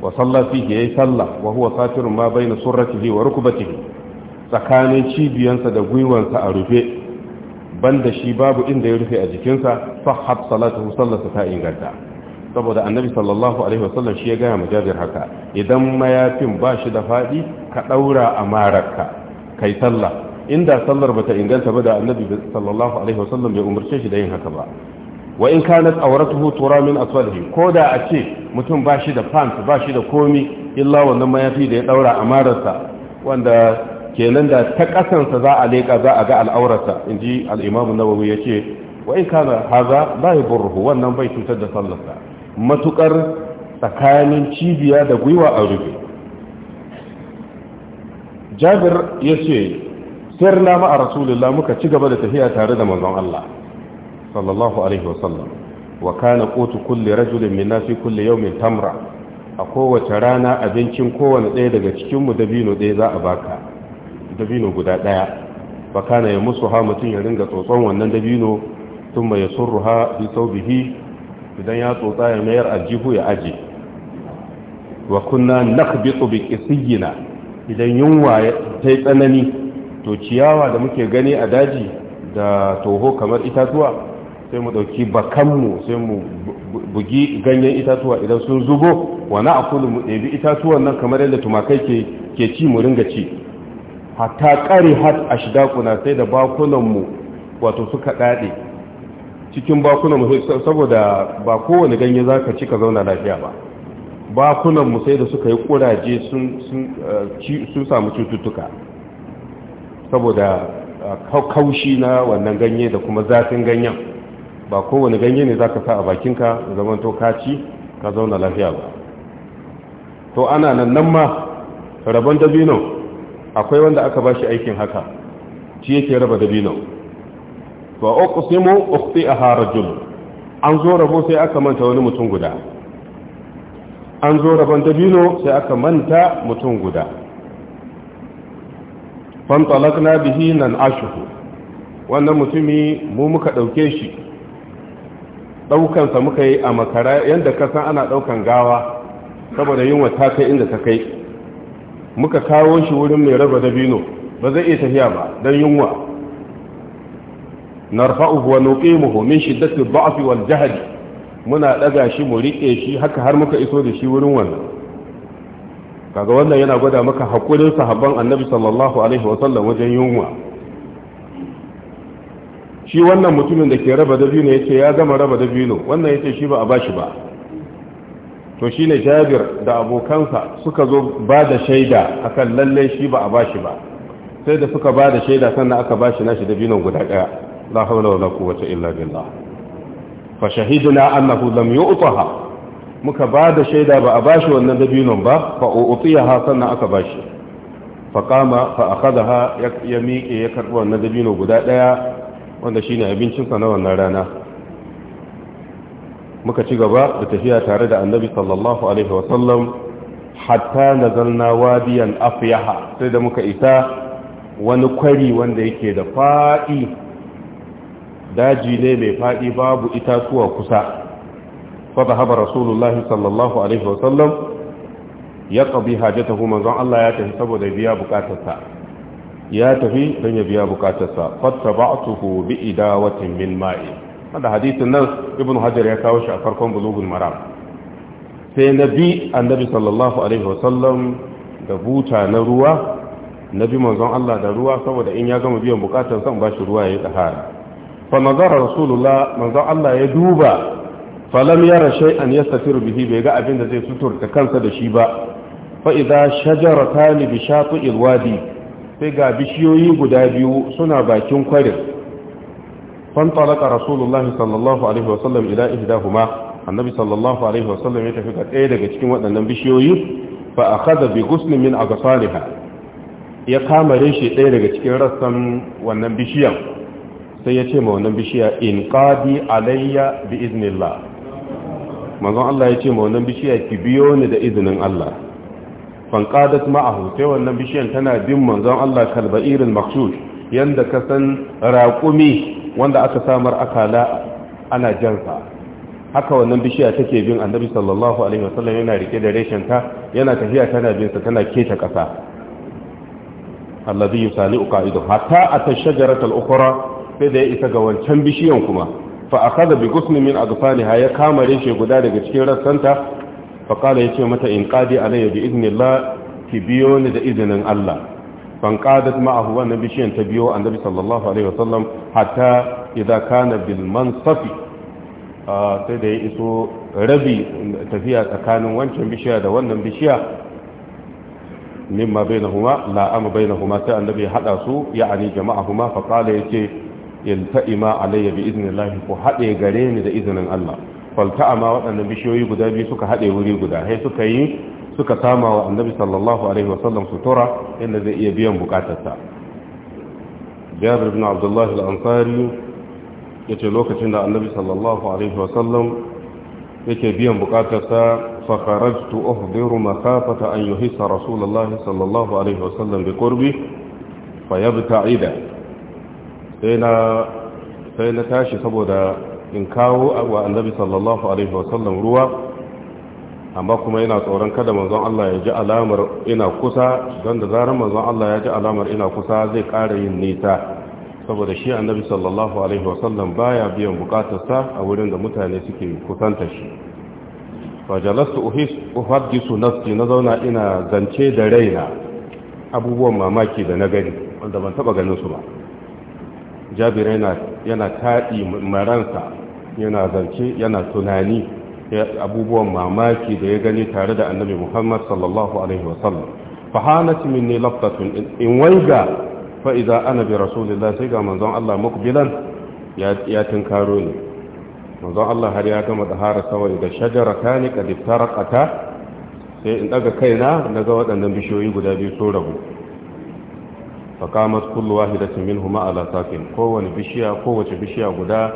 wa salla fihi yayi sallah wa huwa satirun ma baina surratihi wa rukbatihi tsakanin cibiyansa da gwiwansa a rufe banda shi babu inda ya rufe a jikinsa fa hab salatu sallata ta inganta saboda annabi sallallahu alaihi wasallam shi ya gaya majabir haka idan mayafin ba shi da faɗi ka ɗaura a mararka kai sallah inda sallar bata inganta ba da annabi sallallahu alaihi wasallam bai umarce shi da yin haka ba wa in kana awratuhu tura min aswalihi ko da a ce mutum ba shi da fans ba shi da komi illa wannan mayafi da ya ɗaura a mararsa wanda kenan da ta kasansa za a leƙa za a ga al'aurarsa inji al-imamu nawawi yace wa in kana haza la yadurruhu wannan bai cutar da sallarsa matukar tsakanin cibiya da gwiwa a rufe jabir ya ce sirna ma'a rasulullah muka ci gaba da tafiya tare da mazan Allah sallallahu alaihi wasallam wa kana qutu kulli rajulin minna fi kulli yawmin tamra a kowace rana abincin kowane ɗaya daga cikinmu dabino ɗaya za a baka dabino guda ɗaya ba kana ya musu ha mutum ya ringa tsotson wannan dabino tun mai surruha bi sau bihi idan ya tsotsa ya mayar aljihu ya aje wa kunna nakhbitu bi qisiyina idan yunwa ta tsanani to ciyawa da muke gani a daji da toho kamar itatuwa sai mu dauki bakanmu sai mu bugi ganyen itatuwa idan sun zubo wa na akulu mu ɗebi itatuwan nan kamar yadda tumakai ke ci mu ringa ci hatta ƙari hat a shida sai da mu wato suka dade cikin bakunan musai saboda ba kowane ganye za ka ci ka zauna lafiya ba bakunan mu sai da suka yi kuraje sun eh, samu cututtuka saboda eh, kaushi na wannan ganye da kuma zafin ganyen ba kowane ganye ne za ka sa a bakinka zaman to kaci ka zauna lafiya ba to ana nan nan ma rabon dabino akwai wanda aka ba shi aikin haka ki yake raba dabino fa uqsimu ukhti'aha rajul an zo rabo sai aka manta wani mutum guda an zo rabon dabino sai aka manta mutum guda talaqna bihi nan ashu wannan mutumi mu muka ɗauke shi ɗaukansa muka yi a makara yadda san ana daukan gawa saboda yunwa ta kai inda ta kai muka kawo shi wurin mai raba dabino ba zai iya tafiya ba don yunwa narfa'uhu wa nuqimuhu min shiddati ad-da'fi wal jahl muna daga shi mu riƙe shi haka har muka iso da shi wurin wannan kaga wannan yana gwada maka hakurin sahabban annabi sallallahu alaihi wa sallam wajen yunwa shi wannan mutumin da ke raba dabino yace ya gama raba dabino wannan yace shi ba a bashi ba to shine Jabir da abokansa suka zo ba da shaida akan lalle shi ba a bashi ba sai da suka ba da shaida sannan aka bashi nashi dabinon guda daya la haula wala quwwata illa billah fa shahidna annahu lam yu'taha muka bada shaida ba a bashi wannan dabinon ba fa utiyaha sannan aka bashi fa qama fa akhadaha ya miƙe ya karɓi wannan dabino guda ɗaya wanda shine abincin sa na wannan rana muka ci gaba da tafiya tare da annabi sallallahu alaihi wasallam hatta nazalna wadiyan afyaha sai da muka isa wani kwari wanda yake da faɗi daji ne mai faɗi babu itatuwa kusa fada haɓa rasulullahi sallallahu alaihi wasallam ya ƙabi hajjatahu zan Allah ya tafi saboda biya bukatarsa ya tafi don ya biya bukatarsa fatta ba tuhu bi idawatin min ma'i wanda hadisin nan ibn hajar ya kawo shi a farkon bulugun mara sai na bi annabi sallallahu alaihi wasallam da buta na ruwa na bi manzon Allah da ruwa saboda in ya gama biyan bukatarsa ba shi ruwa ya yi ɗahara fa nazara rasulullah manzo Allah ya duba falam yara shay'an yastatiru bihi bai ga abin da zai suturta kansa da shi ba fa shajarar shajaratan bi ilwadi sai ga bishiyoyi guda biyu suna bakin kwarin fantalaka rasulullah sallallahu alaihi wasallam ila ihdahuma annabi sallallahu alaihi wasallam ya tafi ga ɗaya daga cikin waɗannan bishiyoyi fa akhadha bi ghuslin min aghsaliha ya kama reshe ɗaya daga cikin rassan wannan bishiyan sai ya ce ma wannan bishiya in qadi alayya bi iznillah manzon Allah ya ce ma wannan bishiya ki biyo ni da izinin Allah fan qadat ma'ahu sai wannan bishiyan tana bin manzon Allah kalba'iril maqsud yanda ka san raqumi wanda aka samar akala ana jansa haka wannan bishiya take bin annabi sallallahu alaihi wasallam yana rike da reshen ta yana tafiya tana bin sa tana keta kasa alladhi yusali'u qa'idu hatta ata shajaratal ukhra sai da ya isa ga wancan bishiyan kuma fa akhadha bi ghusnin min adfaniha ya kama rishe guda daga cikin rassanta fa qala yace mata in qadi alayya bi idnillah ki biyo ni da izinin Allah fa qadat ma'ahu wa nabiyyin ta biyo annabi sallallahu alaihi wasallam hatta idza kana bil mansafi ah, sai da ya iso rabi tafiya tsakanin wancan bishiya da wannan bishiya mimma bainahuma la amma bainahuma sai annabi hada su ya'ani jama'ahuma fa qala yace yalta'ima alayya bi idnillahi ku haɗe gare ni da izinin Allah falta'ama waɗannan bishiyoyi guda biyu suka haɗe wuri guda sai suka yi suka sama wa annabi sallallahu alaihi wasallam sutura inda zai iya biyan bukatarsa jabir ibn abdullah al-ansari yace lokacin da annabi sallallahu alaihi wasallam yake biyan bukatarsa fa kharajtu uhdiru makafata an yuhissa rasulullahi sallallahu alaihi wasallam bi qurbi fayabta'ida sai na tashi saboda in kawo wa annabi sallallahu alaihi wasallam ruwa amma kuma yana tsoron kada manzon Allah ya ji alamar ina kusa don da zarar manzon Allah ya ji alamar ina kusa zai ƙara yin nisa saboda shi annabi sallallahu alaihi wasallam baya biyan sa a wurin da mutane suke kusanta shi fajalastu uhis uhaddisu nafsi na zauna ina zance da raina abubuwan mamaki da na gani wanda ban taba ganin su ba jabirai yana taɗi maransa yana zance yana tunani abubuwan mamaki da ya gani tare da annabi muhammad sallallahu alaihi wasallam fahanat minni laftatun in waiga fa idza ana bi rasulillah sai ga manzon Allah mukbilan ya tinkaro ne manzon Allah har ya gama dahara sawai da shajarata ne ta sai in daga kaina ga waɗannan bishiyoyi guda biyu so rabu faƙamar kullu wahidatin min huma ala sakin kowane bishiya kowace bishiya guda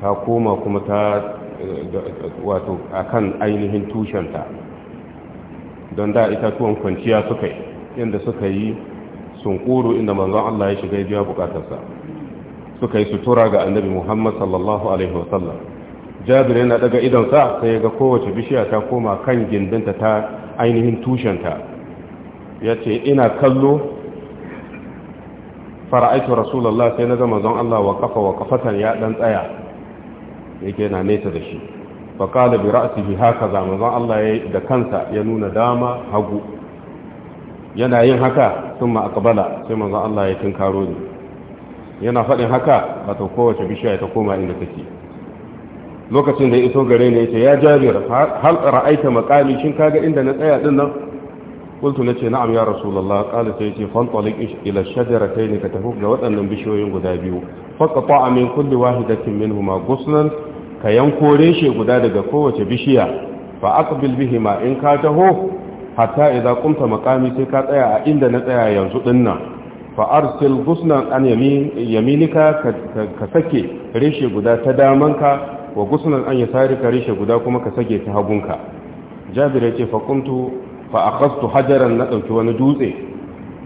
ta koma kuma ta wato akan ainihin tushenta don da itatuwan kwanciya suka yi inda suka yi sunkuru inda manzon Allah ya shiga ya biya bukatarsa suka yi sutura ga annabi Muhammad sallallahu alaihi wasallam jabir yana daga idonsa sai ga kowace bishiya ta koma kan gindinta ta ainihin tushenta ya ce ina kallo fara'aitu rasulullah sai na zama zan Allah wa kafa wa kafatan ya dan tsaya yake na nesa da shi fa qala bi ra'sihi hakaza manzon Allah yayi da kansa ya nuna dama hagu yana yin haka sun ma aqbala sai manzon Allah ya tinkaro ni yana faɗin haka ta kowace bishiya ta koma inda take lokacin da ya iso gare ni yace ya jabir hal ra'aita maqami shin kaga inda na tsaya din nan قلت نتي نعم يا رسول الله قال سيتي فانطلق إلى الشجرتين كتفوك لوطن بشوين قدابيو فقطع من كل واحدة منهما غصنا كينكو ريشي قدادك قوة بشيا فأقبل بهما إن كاته حتى إذا قمت مقامي سيكات أيا عند نتأيا ينزقنا فأرسل غصنا عن يمين يمينك كسكي ريشي قدا تدامنك وغصنا عن يسارك ريشي قدا كما كسكي تهبنك جابر يتي فقمت fa kastu hajaran na ɗauki wani dutse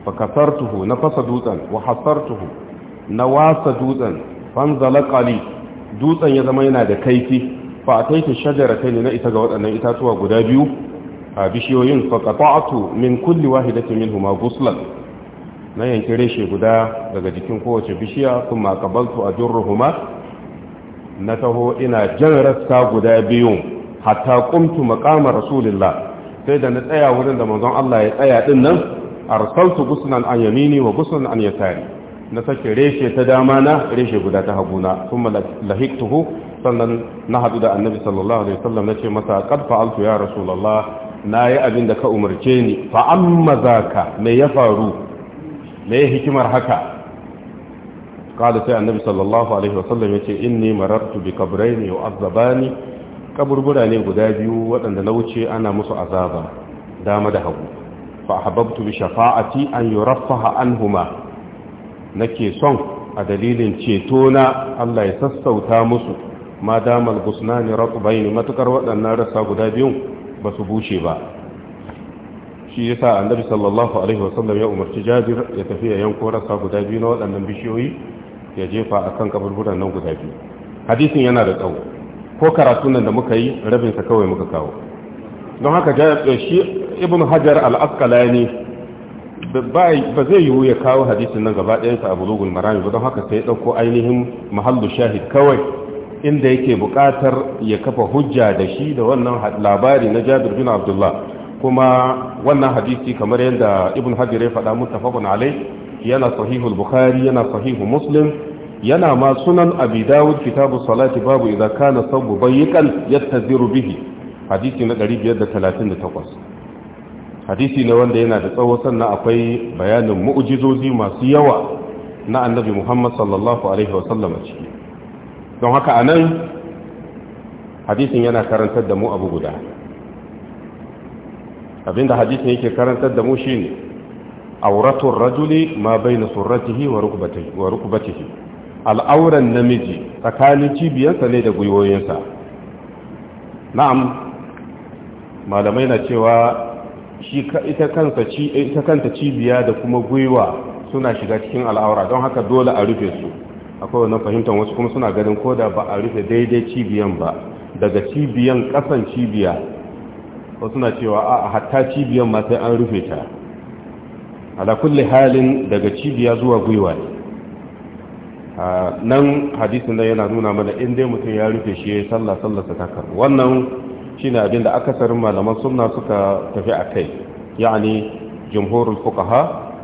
fa kasartuhu na fasa dutsen wa hasartuhu na wasa dutsen fanzala qali dutsen ya zama yana da kaifi fa ataita shajaratayn na ita ga waɗannan itatuwa guda biyu a bishiyoyin fa min kulli wahidatin huma guslan na yanki reshe guda daga jikin kowace bishiya kuma kabaltu a huma na taho ina jan rasta guda biyu hatta kumtu maqama rasulillah sai da na tsaya wurin da manzon Allah ya tsaya din nan arsaltu gusnan an yamini wa gusnan an yasari na sake reshe ta dama na reshe guda ta haguna kuma lahiktuhu sannan na hadu da annabi sallallahu alaihi wasallam nace masa qad fa'altu ya rasulullah nayi abin da ka umarce ni fa amma zaka me ya faru me ya hikimar haka qala sai annabi sallallahu alaihi wasallam yace inni marartu bi qabrayni yu'azzabani kaburbura ne guda biyu waɗanda na wuce ana musu azaba dama da hagu fa bi shafa'ati an yuraffaha anhuma nake son a dalilin ceto na Allah ya sassauta musu ma damal gusnani ratbayn matukar waɗannan rasa guda biyun ba su bushe ba shi yasa annabi sallallahu alaihi wasallam ya umarci Jabir ya tafi ya yanko rasa guda biyu na waɗannan bishiyoyi ya jefa akan kaburburan nan guda biyu hadisin yana da tsawo ko karatu nan da muka yi rabinsa kawai muka kawo don haka shi ibn hajar al-asqalani ba zai yiwu ya kawo hadisin nan gaba ɗayansa a bulugun marami ba don haka sai ɗauko ainihin mahallu shahid kawai inda yake buƙatar ya kafa hujja da shi da wannan labari na jabir bin abdullah kuma wannan hadisi kamar yadda ibn hajar ya faɗa muttafaqun alai yana sahihul bukhari yana sahihu muslim yana ma sunan abi dawud kitabu salati babu idza kana sabu bayyikan yattaziru bihi hadisi na 538 hadisi ne wanda yana da tsawo sannan akwai bayanin mu'jizozi masu yawa na annabi Muhammad sallallahu alaihi wasallam a ciki don haka anan hadisin yana karantar da mu abu guda abinda hadisin yake karantar da mu shine auratul rajuli ma baina surratihi wa rukbatihi wa rukbatihi al'auran namiji tsakanin cibiyarsa ne da gwiwoyinsa na'am malamai na cewa ita kanta cibiya da kuma gwiwa suna shiga cikin al'aura don haka dole a rufe su akwai wannan fahimtar wasu kuma suna ganin ko da ba a rufe daidai cibiyan ba daga cibiyan kasan cibiya ko suna cewa a hatta cibiyan ma sai an rufe ta ala kulli halin daga cibiya zuwa gwiwa ne nan hadisin nan yana nuna mana in dai mutum ya rufe shi ya sallah sallah ta kar wannan shine abin da akasarin malaman sunna suka tafi a kai yani jumhurul fuqaha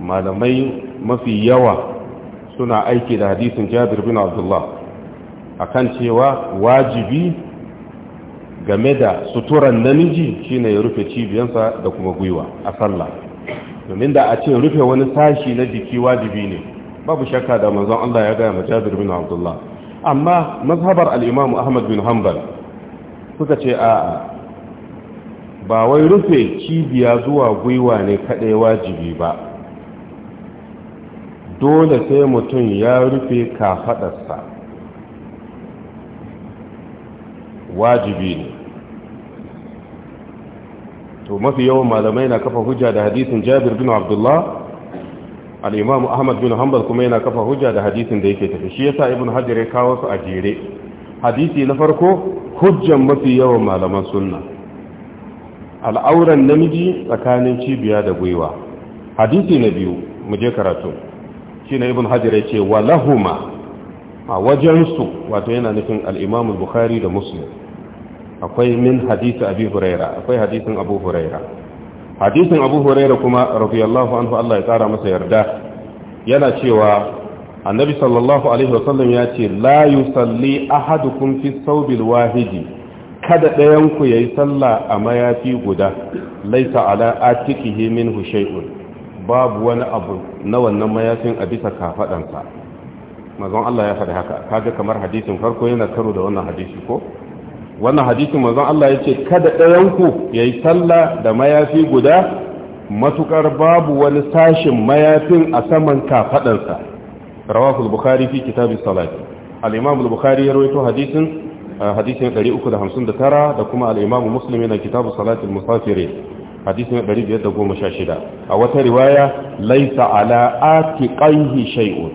malamai mafi yawa suna aiki da hadisin Jabir bin Abdullah akan cewa wajibi game da suturan namiji shine ya rufe cibiyansa da kuma gwiwa a sallah domin da a ce rufe wani sashi na jiki wajibi ne babu shakka da manzon Allah ya gaya ma bin Abdullah amma mazhabar al-Imam Ahmad bin Hanbal suka ce a'a ba wai rufe cibiya zuwa gwiwa ne kadai wajibi ba dole sai mutum ya rufe sa wajibi ne to mafi yawan malamai na kafa hujja da hadisin Jabir bin Abdullah al ahmad bin hanbal kuma yana kafa hujja da hadisin da yake tafi shi yasa ibn hajar ya kawo su a jere hadisi na farko hujjan mafi yawan malaman sunna al'auran namiji tsakanin cibiya da gwiwa hadisi na biyu mu je karatu shine ibn hajar ya ce wa lahuma a wajensu wato yana nufin al bukhari da muslim akwai min hadisi abi huraira akwai hadisin abu huraira hadisin abu huraira kuma radiyallahu anhu Allah ya tsara masa yarda yana cewa annabi sallallahu alaihi sallam ya ce la yusalli ahadukum fi thawbil wahidi kada ɗayan ku yayi sallah a mayafi guda laisa ala atikihi minhu shay'un babu wani abu na wannan mayafin a bisa kafadansa mazan Allah ya faɗi haka kaga kamar hadisin farko yana karo da wannan hadisi ko wannan hadisin manzon Allah ya ce kada ɗayanku ya yi sallah da mayafi guda matukar babu wani sashin mayafin a saman kafadansa rawahu al-bukhari fi kitab as-salat al-imam al-bukhari ya rawaito hadisin hadisin 359 da kuma al-imam muslim yana kitab as-salat al-musafiri hadisin 516 a wata riwaya laisa ala atiqaihi shay'un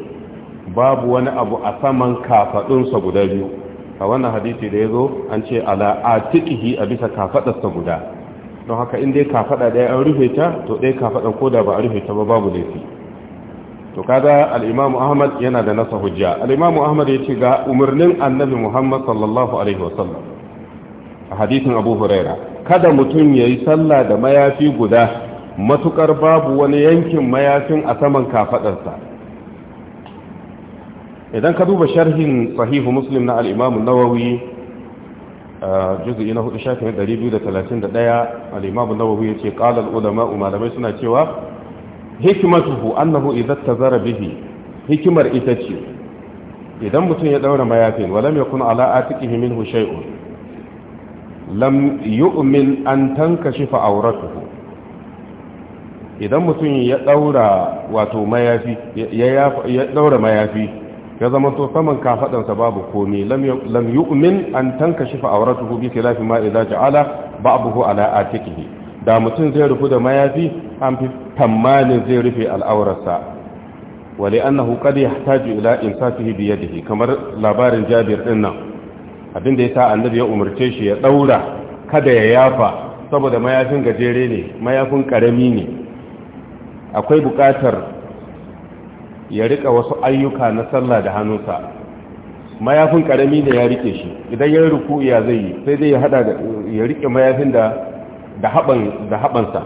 babu wani abu a saman kafadunsa guda biyu a wannan hadisi da ya zo an ce ala tikihi a bisa kafadarsa guda don haka in dai kafada ɗaya an rufe ta to ɗaya kafadan ko ba a rufe ta ba babu laifi to kaga al-imamu ahmad yana da nasa hujja al-imamu ahmad ya ce ga umarnin annabi muhammad sallallahu alaihi wasallam a hadisin abu huraira kada mutum ya yi sallah da mayafi guda matukar babu wani yankin mayafin a saman kafadarsa idan ka duba sharhin sahihu muslim na al'imamu nawawi juzu'i na hudu shafin 231 al'imamu nawawi ya ce ƙalar ulama malamai suna cewa hikimatuhu annahu idan ta zara bihi hikimar ita ce idan mutum ya daura mayafin walam ya kuna ala atikihi minhu shay'un lam yu'min an tankashifa auratuhu idan mutum ya daura wato mayafi ya daura mayafi ya zama to saman kafadansa babu komai lam yu'min an tankashifa auratuhu bi khilafi ma idza ja'ala ba'dahu ala atikihi da mutum zai rufu da mayafi an fi tamanin zai rufe al'aurarsa wale ya qad yahtaju ila insafihi bi yadihi kamar labarin Jabir din nan abinda yasa annabi ya umarce shi ya daura kada ya yafa saboda mayafin gajere ne mayafin karami ne akwai bukatar ya rika wasu ayyuka na sallah da hannunsa mayafin karami da ya rike shi idan ya ruku ya zai yi sai dai ya hada da ya rike mayafin da da haban da habansa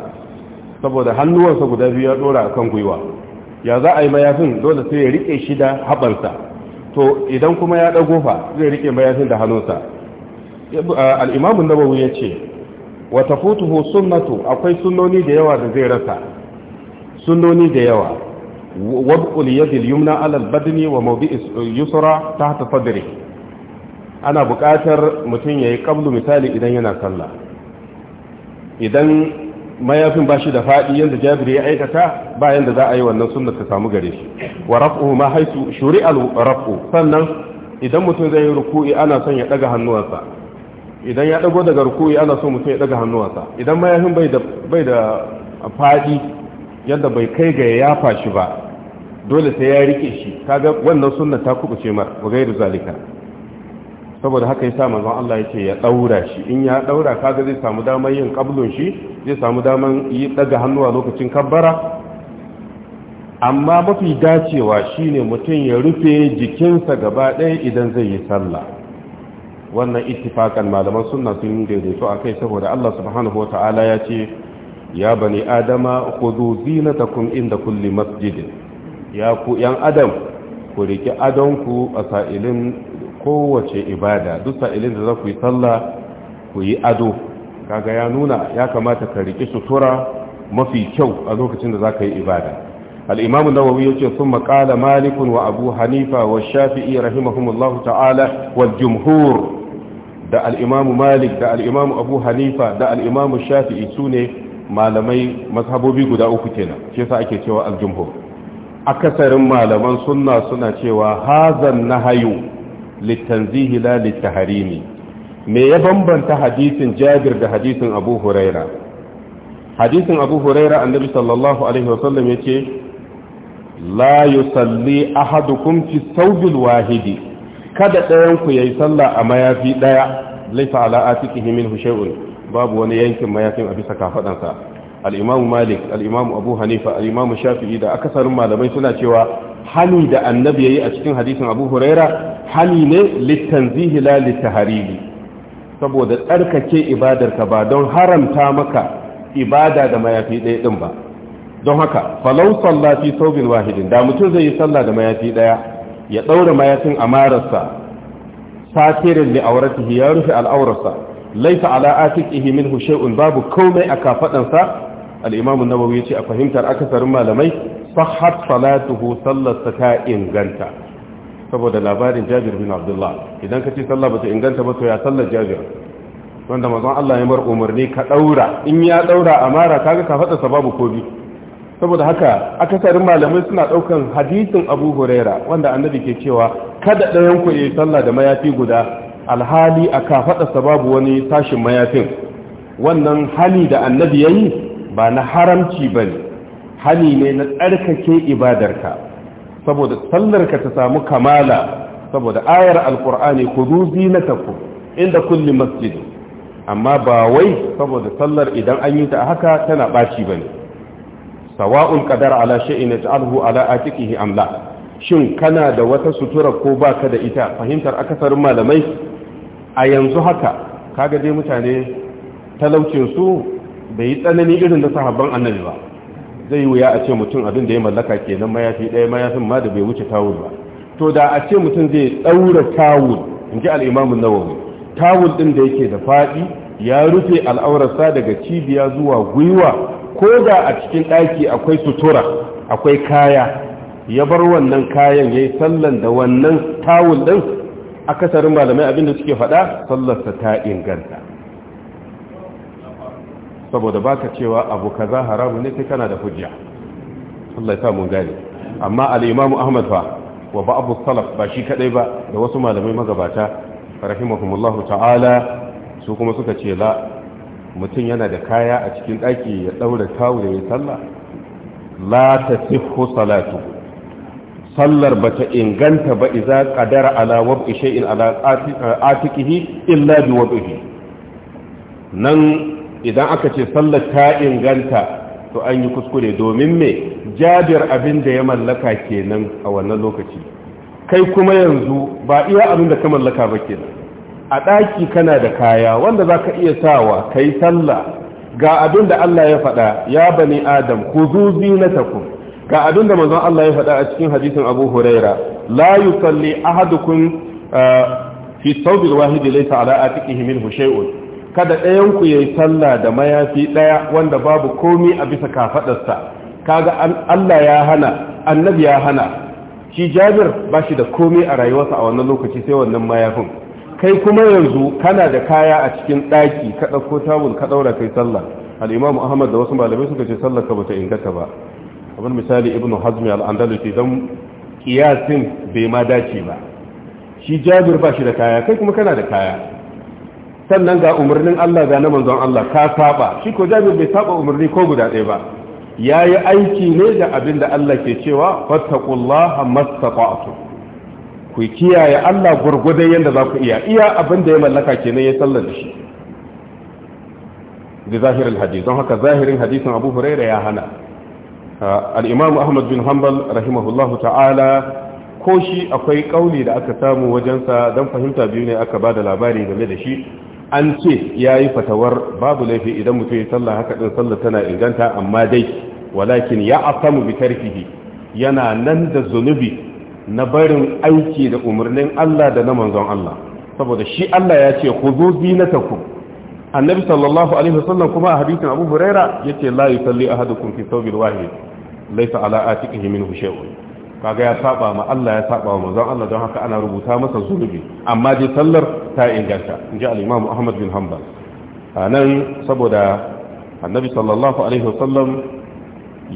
saboda hannuwansa guda biyu ya dora akan gwiwa ya za a yi mayafin dole sai ya rike shi da habansa to idan kuma ya dago fa zai rike mayafin da hannunsa al-imam an-nawawi yace wa tafutuhu sunnatu akwai sunnoni da yawa da zai rasa sunnoni da yawa wad'ul yadi al-yumna ala al-badni wa mawdi'is yusra tahta sadri ana buƙatar mutum yayi qablu misali idan yana sallah idan mayafin bashi da fadi yanda jabiri ya aikata ba yanda za a yi wannan sunna ta samu gare shi wa raf'u ma haitu shuri'a raf'u sannan idan mutum zai yi ruku'i ana son ya daga hannuwansa idan ya dago daga ruku'i ana son mutum ya daga hannuwansa idan mayafin bai da bai da fadi yadda bai kai ga ya yafa shi ba dole sai ya rike shi kaga wannan sunna ta ce mar wa gairu zalika saboda haka yasa manzon Allah yace ya daura shi in ya daura kaga zai samu damar yin qablun shi zai samu damar yi daga a lokacin kabbara amma mafi dacewa shine mutum ya rufe jikinsa gaba ɗaya idan zai yi sallah wannan ittifakan malaman sunna sun daidaito akai saboda Allah subhanahu wataala ya ce ya bani adama khudhu zinatakum inda kulli masjidin ya ku yan adam ku riki adonku a sa'ilin kowace ibada duk sa'ilin da za ku yi sallah ku yi ado kaga ya nuna ya kamata ka riki sutura mafi kyau a lokacin da za ka yi ibada al'imamu nawawi ya ce sun maƙala malikun wa abu hanifa wa shafi'i rahimahumullahu ta'ala wa jumhur da al'imamu malik da al'imamu abu hanifa da al'imamu shafi'i su ne malamai mazhabobi guda uku kenan shi yasa ake cewa al-jumhur akasarin malaman sunna suna cewa hazan nahayu litanzihi la litaharimi me ya bambanta hadisin Jabir da hadisin Abu Huraira hadisin Abu Huraira annabi sallallahu alaihi wasallam yace la yusalli ahadukum fi thawbil wahidi kada ɗayanku ya yayi sallah a mayafi ɗaya laifa ala atiqihi minhu shay'un babu wani yankin mayafin a bisa kafadansa al'imamu malik al'imamu abu hanifa al'imamu shafi'i da akasarin malamai suna cewa hali da annabi ya yi a cikin hadisin abu huraira hali ne littanzihi la littaharili saboda tsarkake ibadarka ba don haramta maka ibada da mayafi ɗaya ɗin ba don haka falau sallafi, saubin wahidin da mutum zai yi sallah da mayafi ɗaya ya ɗaura mayafin a mararsa satirin li auratihi ya rufe al'aurarsa laifa ala atiqihi minhu shay'un babu komai a kafadansa al na an ya ce a fahimtar akasarin malamai sahhat salatuhu sallarsa ta inganta saboda labarin Jabir bin Abdullah idan ka ce sallah bata inganta ba ya sallar Jabir wanda mazan Allah ya bar umarni ka daura in ya ɗaura amara kaga ka fada sababu kobi saboda haka akasarin malamai suna ɗaukan hadisin Abu Huraira wanda annabi ke cewa kada ɗayan ku yi sallah da mayafi guda alhali aka fada sababu wani tashin mayafin wannan hali da annabi ya yi. ba na haramci ba ne hani ne na tsarkake ibadarka saboda sallarka ta samu kamala saboda ayar alkur'ani na tafi inda kulli masjidi amma ba wai saboda sallar idan an yi ta haka tana ɓaci ba ne sawa'un ƙadar ala shay'in alhu ala atiqihi am amla shin kana da wata sutura ko ba ka da ita fahimtar akasarin malamai a yanzu haka kaga dai mutane talaucin su bai yi tsanani irin da sahabban annabi ba zai yi wuya a ce mutum abin da ya mallaka kenan mayafi ɗaya mayafin ma da bai wuce tawul ba to da a ce mutum zai ɗaura tawul in ji al'imamun nawawi tawul ɗin da yake da faɗi ya rufe al'aurarsa daga cibiya zuwa gwiwa ko da a cikin ɗaki akwai sutura akwai kaya ya bar wannan kayan ya yi sallan da wannan tawul ɗin akasarin malamai abin da suke faɗa sallarsa ta inganta saboda baka cewa abu kaza haramu ne sai kana da hujja Allah ya sa mun gane amma alimamu Ahmad fa wa abu salaf ba shi kadai ba da wasu malamai magabata rahimahumullahu ta'ala su kuma suka ce la mutum yana da kaya a cikin daki ya daura tawo da ya sallah la tasihhu salatu sallar bata inganta ba idza qadara ala wab'i shay'in ala atiqihi illa bi wab'ihi nan idan aka ce sallar ta inganta to an yi kuskure domin me jabir abin da ya mallaka kenan a wannan lokaci kai kuma yanzu ba iya abin da ka mallaka ba kenan a ɗaki kana da kaya wanda za ka iya sawa ka yi sallah ga abin da Allah ya faɗa ya bani adam ku zuzi na taku ga abin da manzon Allah ya faɗa a cikin hadisin abu huraira la yusalli ahadukum eh, fi sawbil wahidi laysa ala atikihi minhu shay'un kada ɗayanku ku yayi sallah da mayafi ɗaya wanda babu komi a bisa kafadarsa kaga Allah ya hana annabi ya hana shi Jabir ba shi da komi a rayuwarsa a wannan lokaci sai wannan mayafin kai kuma yanzu kana da kaya a cikin ɗaki ka ɗauko tabul ka ɗaura kai sallah al-Imam Ahmad da wasu malamai suka ce sallar ka bata inganta ba abin misali Ibn Hazmi al don dan kiyasin bai ma dace ba shi Jabir ba shi da kaya kai kuma kana da kaya sannan ga umarnin Allah ga na manzon Allah ka saba shi ko jami bai saba umarni ko guda ɗaya ba ya yi aiki ne da abin da Allah ke cewa fattakullaha mastaqatu ku kiyaye Allah gurgudan yanda za ku iya iya abin da ya mallaka kenan ya sallar da shi da zahirin hadisi don haka zahirin hadisin Abu Hurairah ya hana ah, al-Imam Ahmad bin Hanbal rahimahullahu ta'ala ko shi akwai kauli da aka samu wajensa don fahimta biyu ne aka ba da labari game da shi an ce ya yi fatawar babu laifi idan mutum ya sallah haka ɗin sallah tana inganta amma dai walakin ya asamu bi tarfihi yana nan da zunubi na barin aiki da umarnin Allah da na manzon Allah saboda shi Allah ya ce khudhu zinatakum annabi sallallahu alaihi wasallam kuma a hadisin Abu Huraira yace la yusalli ahadukum fi thawbil wahid laysa ala atiqihi minhu shay'un kaga ya saba ma Allah ya saba wa manzon Allah don haka ana rubuta masa zunubi amma dai sallar ta inganta ji al-Imam Ahmad bin Hanbal anan saboda annabi sallallahu alaihi wasallam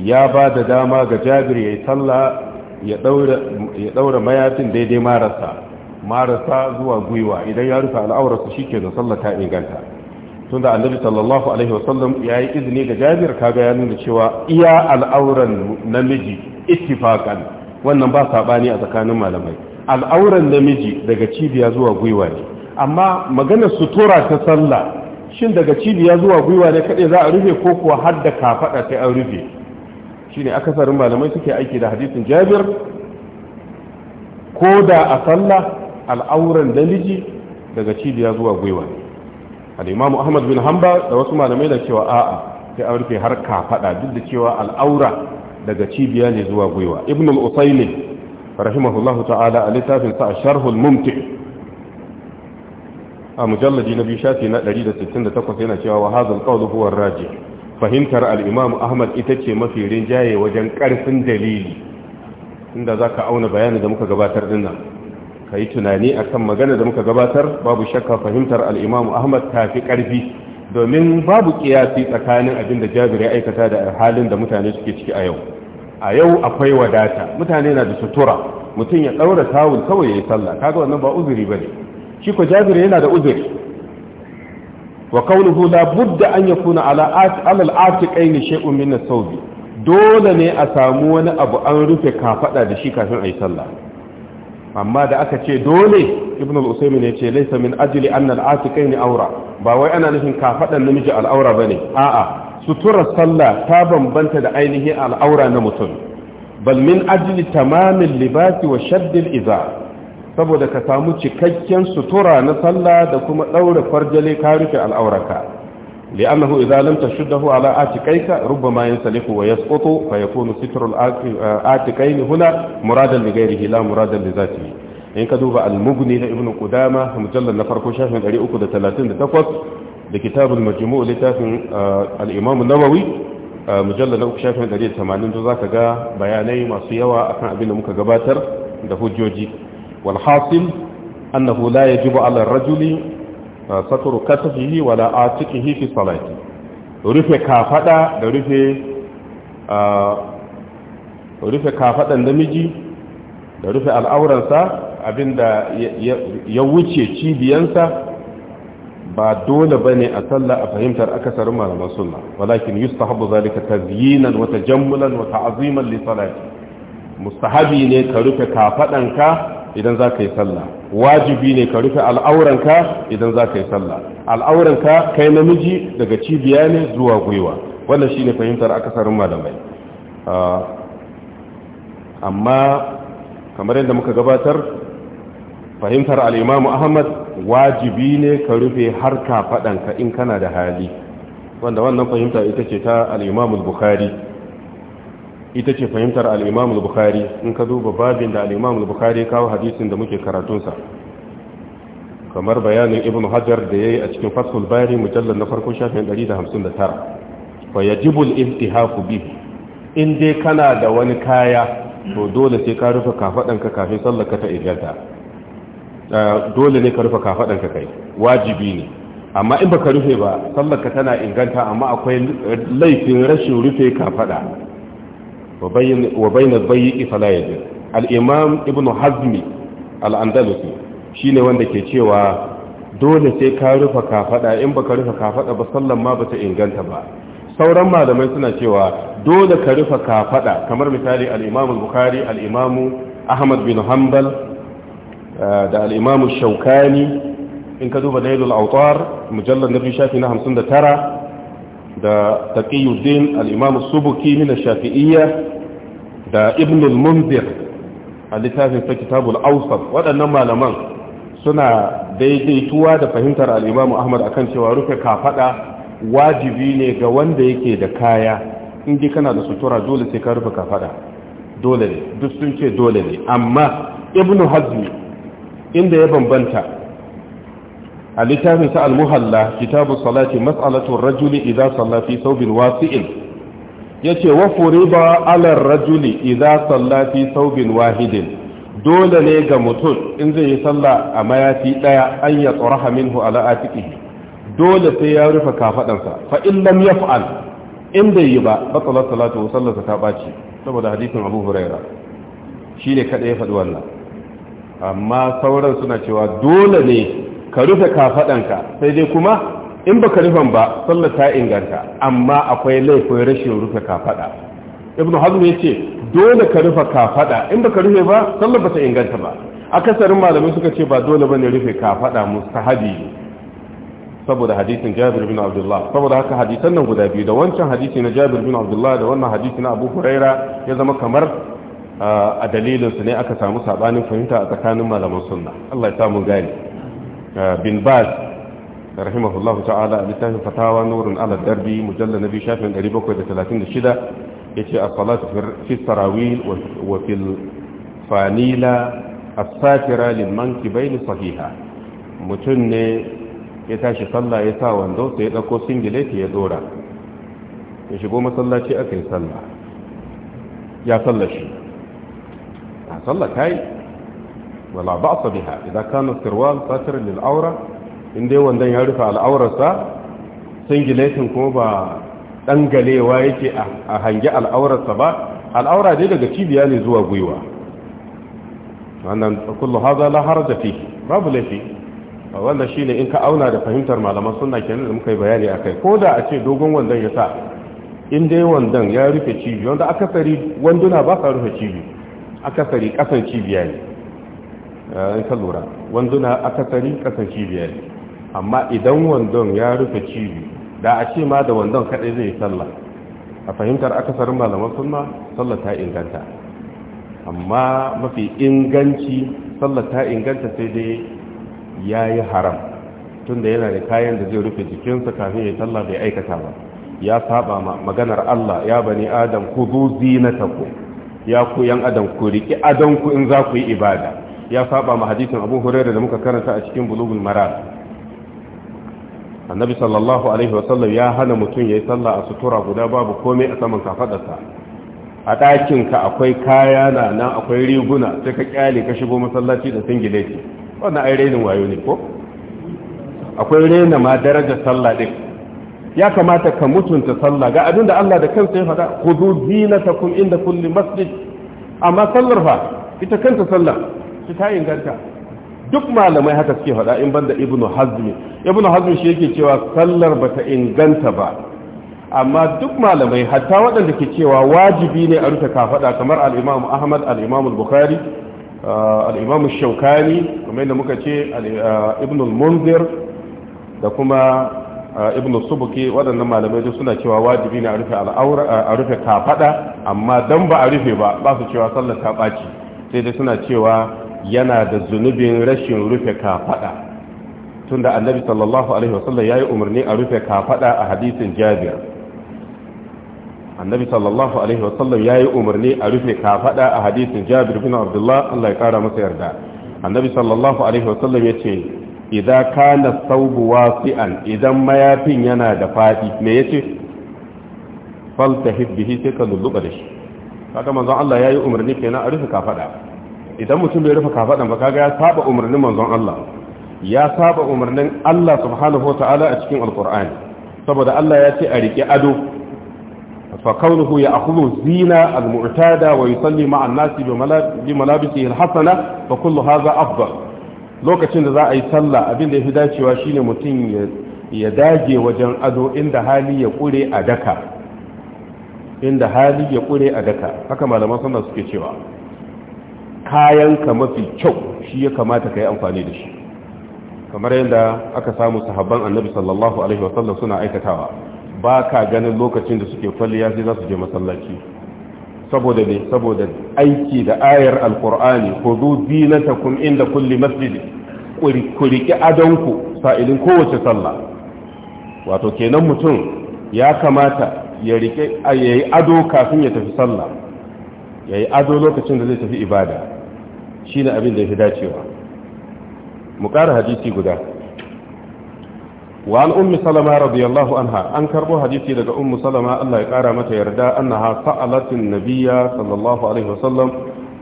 ya ba da dama ga Jabir yayi sallah ya daura ya daura mayatin daidai marasa marasa zuwa gwiwa idan ya rufe al'aurarsa shikenan sallar ta inganta tunda annabi sallallahu alaihi wasallam ya yi izini ga jabir kaga ya nuna cewa iya al'auran namiji ittifaqan wannan ba saɓani a tsakanin malamai al'auran namiji daga cibiya zuwa gwiwa ne amma maganar sutura ta sallah shin daga cibiya zuwa gwiwa ne kaɗai za a rufe ko kuwa har da kafaɗa sai an rufe shi akasarin malamai suke aiki da hadisin jabir ko da a sallah al'auran namiji daga cibiya zuwa gwiwa ne al'imamu ahmad bin hamba da wasu malamai da cewa a'a sai an rufe har kafaɗa duk da cewa al'aura daga cibiya ne zuwa gwiwa ibn al-usayli rahimahullahu ta'ala a littafin sa sharhul mumti a mujalladi na biyu shafi na 168 yana cewa wa hadha raji fahimtar al ahmad ita ce mafi rinjaye wajen ƙarfin dalili inda ka auna bayanin da muka gabatar dinnan, ka yi tunani akan magana da muka gabatar babu shakka fahimtar al'imam ahmad ta fi karfi domin babu ƙiyasi tsakanin abin da jabir ya aikata da halin da mutane suke ciki a yau a yau akwai wadata mutane na da sutura mutum ya daura tawul kawai yayi sallah kaga wannan ba uzuri bane shi ko jabir yana da uzuri wa qawluhu la budda an yakuna ala al atiqain shay'un min dole ne a samu wani abu an rufe kafada da shi kafin a yi sallah amma da aka ce dole ibn al-usaymin ya ce laysa min ajli anna al-atiqain awra ba wai ana nufin kafadan namiji al-awra bane a'a suturar sallah ta bambanta da ainihin al'aura na mutum bal min ajli tamamin libasi wa shaddil iza saboda ka samu cikakken sutura na sallah da kuma daura farjale ka rufe al'auraka li'annahu idza lam tashuddahu ala atiqaika rubbama yansalihu wa yasqutu fa yakunu sitru al-atiqaini eh, huna muradan li ghayrihi la muradan li dhatihi in ka duba al-mughni na ibnu qudama mujallal na farko shafin 338 da kitabul majmu' littafin uh, al-imam an-nawawi uh, mujallal na uku shafin 180 to zaka ga bayanai masu yawa akan abin da muka gabatar da hujjoji wal hasil annahu la yajibu ala ar-rajuli uh, satru katfihi wala atiqihi fi salati rufe kafada da rufe rufe kafadan namiji da rufe al'auransa abinda ya wuce cibiyansa ba dole bane a sallah a fahimtar akasarin malaman sunna walakin yustahabu zalika tazyinan wa wata wa ta'ziman li salati mustahabi ne ka rufe kafaɗanka idan za ka yi sallah wajibi ne ka rufe al'auranka idan za ka yi sallah al'auranka kai namiji daga cibiya ne zuwa gwiwa wannan shine fahimtar akasarin malamai ah, amma kamar yadda muka gabatar fahimtar al'imamu ahmad wajibi ne ka rufe har ka in kana da hali wanda wannan fahimta ita ce ta al bukhari ita ce fahimtar al-Imam al-Bukhari in ka duba babin da al-Imam al-Bukhari kawo hadisin da muke karatun sa kamar bayanin Ibn Hajar da yayi a cikin Fathul Bari mujallal na farko shafin 159 fa yajibu al-ihtihafu in dai kana da wani kaya to dole sai ka rufe kafaɗanka kafin sallaka ta igata Eh, dole ne ka rufe kafadanka kai wajibi ne amma in baka rufe ba sallarka tana inganta amma akwai laifin rashin rufe kafada wa bayna bayyi fala yajid al-imam ibn hazmi al-andalusi shine wanda ke cewa dole sai ka rufe kafaɗa, in baka rufe kafaɗa ba sallar ma bata inganta ba sauran malamai suna cewa dole ka rufe kafaɗa. kamar misali al-imam al-bukhari al ahmad bin hanbal da al'imamu shaukani in ka duba lailul autar mujallar na shafi na hamsin da tara da taƙiyyuddin al'imamu subuki na shafi'iyya da ibnul munzir a littafin sa kitabul ausaf waɗannan malaman suna daidaituwa da fahimtar al'imamu ahmad akan cewa rufe kafaɗa wajibi ne ga wanda yake da kaya in ji kana da sutura dole sai ka rufe kafaɗa dole ne duk sun ce dole ne amma ibnu hazmi inda ya bambanta a littafin sa al-muhalla kitabu salati mas'alatu rajuli idza salla fi thawbin wasi'in yace wa furiba 'ala ar-rajuli idza salla fi thawbin wahidin dole ne ga mutum in zai yi sallah a mayafi daya an ya tsaraha minhu ala atiqihi dole sai ya rufe kafadansa fa in lam yaf'al in bai yi ba batsalar salatu sallarsa ta baci saboda hadisin abu huraira shine kada ya faɗi wannan amma sauran suna cewa dole ne ka rufe kafadanka sai dai kuma in baka rufe ba sallar ta inganta amma akwai laifin rashin rufe kafada ibnu hazm yace dole ka rufe kafada in baka rufe ba sallar ba ta inganta ba akasarin malamai suka ce ba dole bane rufe kafada mustahabi saboda hadisin Jabir bin Abdullah saboda haka hadisan nan guda biyu da wancan hadisi na Jabir bin Abdullah da wannan hadisi na Abu Huraira ya zama kamar a dalilinsu ne aka samu sabanin fahimta a tsakanin malaman sunna Allah ya samu gani bin baz rahimahullahu ta'ala a littafin fatawa nurun ala darbi mujalla na biyu shafin 736 ya ce a salatu fi sarawil wa fil fanila a satira liman baini sahiha mutum ne ya tashi sallah ya sa wando sai ya ɗauko singileti ya dora ya shigo masallaci aka yi sallah ya sallashi sallah ta yi wala ba sa biha idan kana sirwal satir lil aura in dai wandan ya rufe al'aurarsa singiletin kuma ba dangalewa yake a hange al'aurarsa ba al'aura dai daga cibiya ne zuwa gwiwa wannan kullu hadha la haraja fihi babu lafi wannan shine in ka auna da fahimtar malaman sunna kenan da muka yi bayani akai ko da a ce dogon wandan ya sa in dai wandan ya rufe cibi wanda akasari wanduna ba sa rufe cibi akasari kasan cibiya ne in ka lura wanduna akasari kasan cibiya ne amma idan wandon ya rufe cibi da a ce ma da wandon kadai zai sallah a fahimtar akasarin malaman sunna sallah ta inganta amma mafi inganci sallah ta inganta sai dai ya yi haram tunda yana da kayan da zai rufe jikinsa kafin ya sallah bai aikata ba ya saba maganar Allah ya bani adam ku zo zinatakum ya ku yan adam ku riki adon ku in za ku yi ibada ya saba ma hadisin abu hurairah da muka karanta a cikin bulugul maram annabi sallallahu alaihi wa sallam ya hana mutum yayi sallah a sutura guda babu komai a saman kafadarsa a ɗakin ka akwai kaya na nan akwai riguna sai ka kyale ka shigo masallaci da singileti wannan ai renin wayo ne ko akwai rena ma daraja sallah din ya kamata ka mutunta sallah ga abinda Allah da kansa ya faɗa khudhu zinatakum inda kulli masjid amma sallar fa ita kanta sallah shi ta inganta duk malamai haka suke faɗa in banda ibnu hazm ibnu hazm shi yake cewa sallar bata inganta ba amma duk malamai hatta waɗanda ke cewa wajibi ne a rufe kafaɗa kamar al-imam ahmad al-imam al-bukhari uh, al-imam shaukani kamar yadda muka ce uh, Ibnu al-munzir da kuma ibn subuki waɗannan malamai duk suna cewa wajibi ne a rufe al'aura a rufe kafada amma dan ba a rufe ba ba su cewa sallar ta baci sai dai suna cewa yana da zunubin rashin rufe kafada tunda annabi sallallahu alaihi wasallam yayi umarni a rufe kafada a hadisin jabir annabi sallallahu alaihi wasallam yayi umarni a rufe kafada a hadisin jabir bin abdullah Allah ya kara masa yarda annabi sallallahu alaihi wasallam yace idan kana saubu wasi'an idan mayafin yana da faɗi me yace faltahib bihi ka lulluɓa da shi kaga manzon Allah yayi umarni kenan a rufe kafada idan mutum bai rufe kafadan ba kaga ya saba umarnin manzon Allah ya saba umarnin Allah subhanahu wataala a cikin alqur'ani saboda Allah ya ce a rike ado fa kaunuhu ya'khudhu zina al-mu'tada wa yusalli ma'a an-nasi bi malabisihi al-hasana fa kullu hadha afdal lokacin da za a yi sallah abin da ya fi dacewa shine mutum ya dage wajen ado inda hali ya kure a daka inda hali ya kure a daka haka malaman sannan suke cewa kayanka mafi kyau shi ya kamata ka yi amfani da shi kamar yadda aka samu sahabban annabi sallallahu alaihi wasallam suna aikatawa ba ka ganin lokacin da suke kwalliya sai za su je masallaci saboda ne saboda aiki da ayar alkur'ani khudhu kun inda kulli masjid ku adonku sa'ilin kowace sallah wato kenan mutum ya kamata ya rike ado kafin ya tafi sallah yayi ado lokacin da zai tafi ibada shine abin da yake dacewa mu ƙara hadisi guda wa an ummi salama radiyallahu anha an karbo hadisi daga ummu salama Allah ya kara mata yarda annaha sa'alatin nabiyya sallallahu alaihi wasallam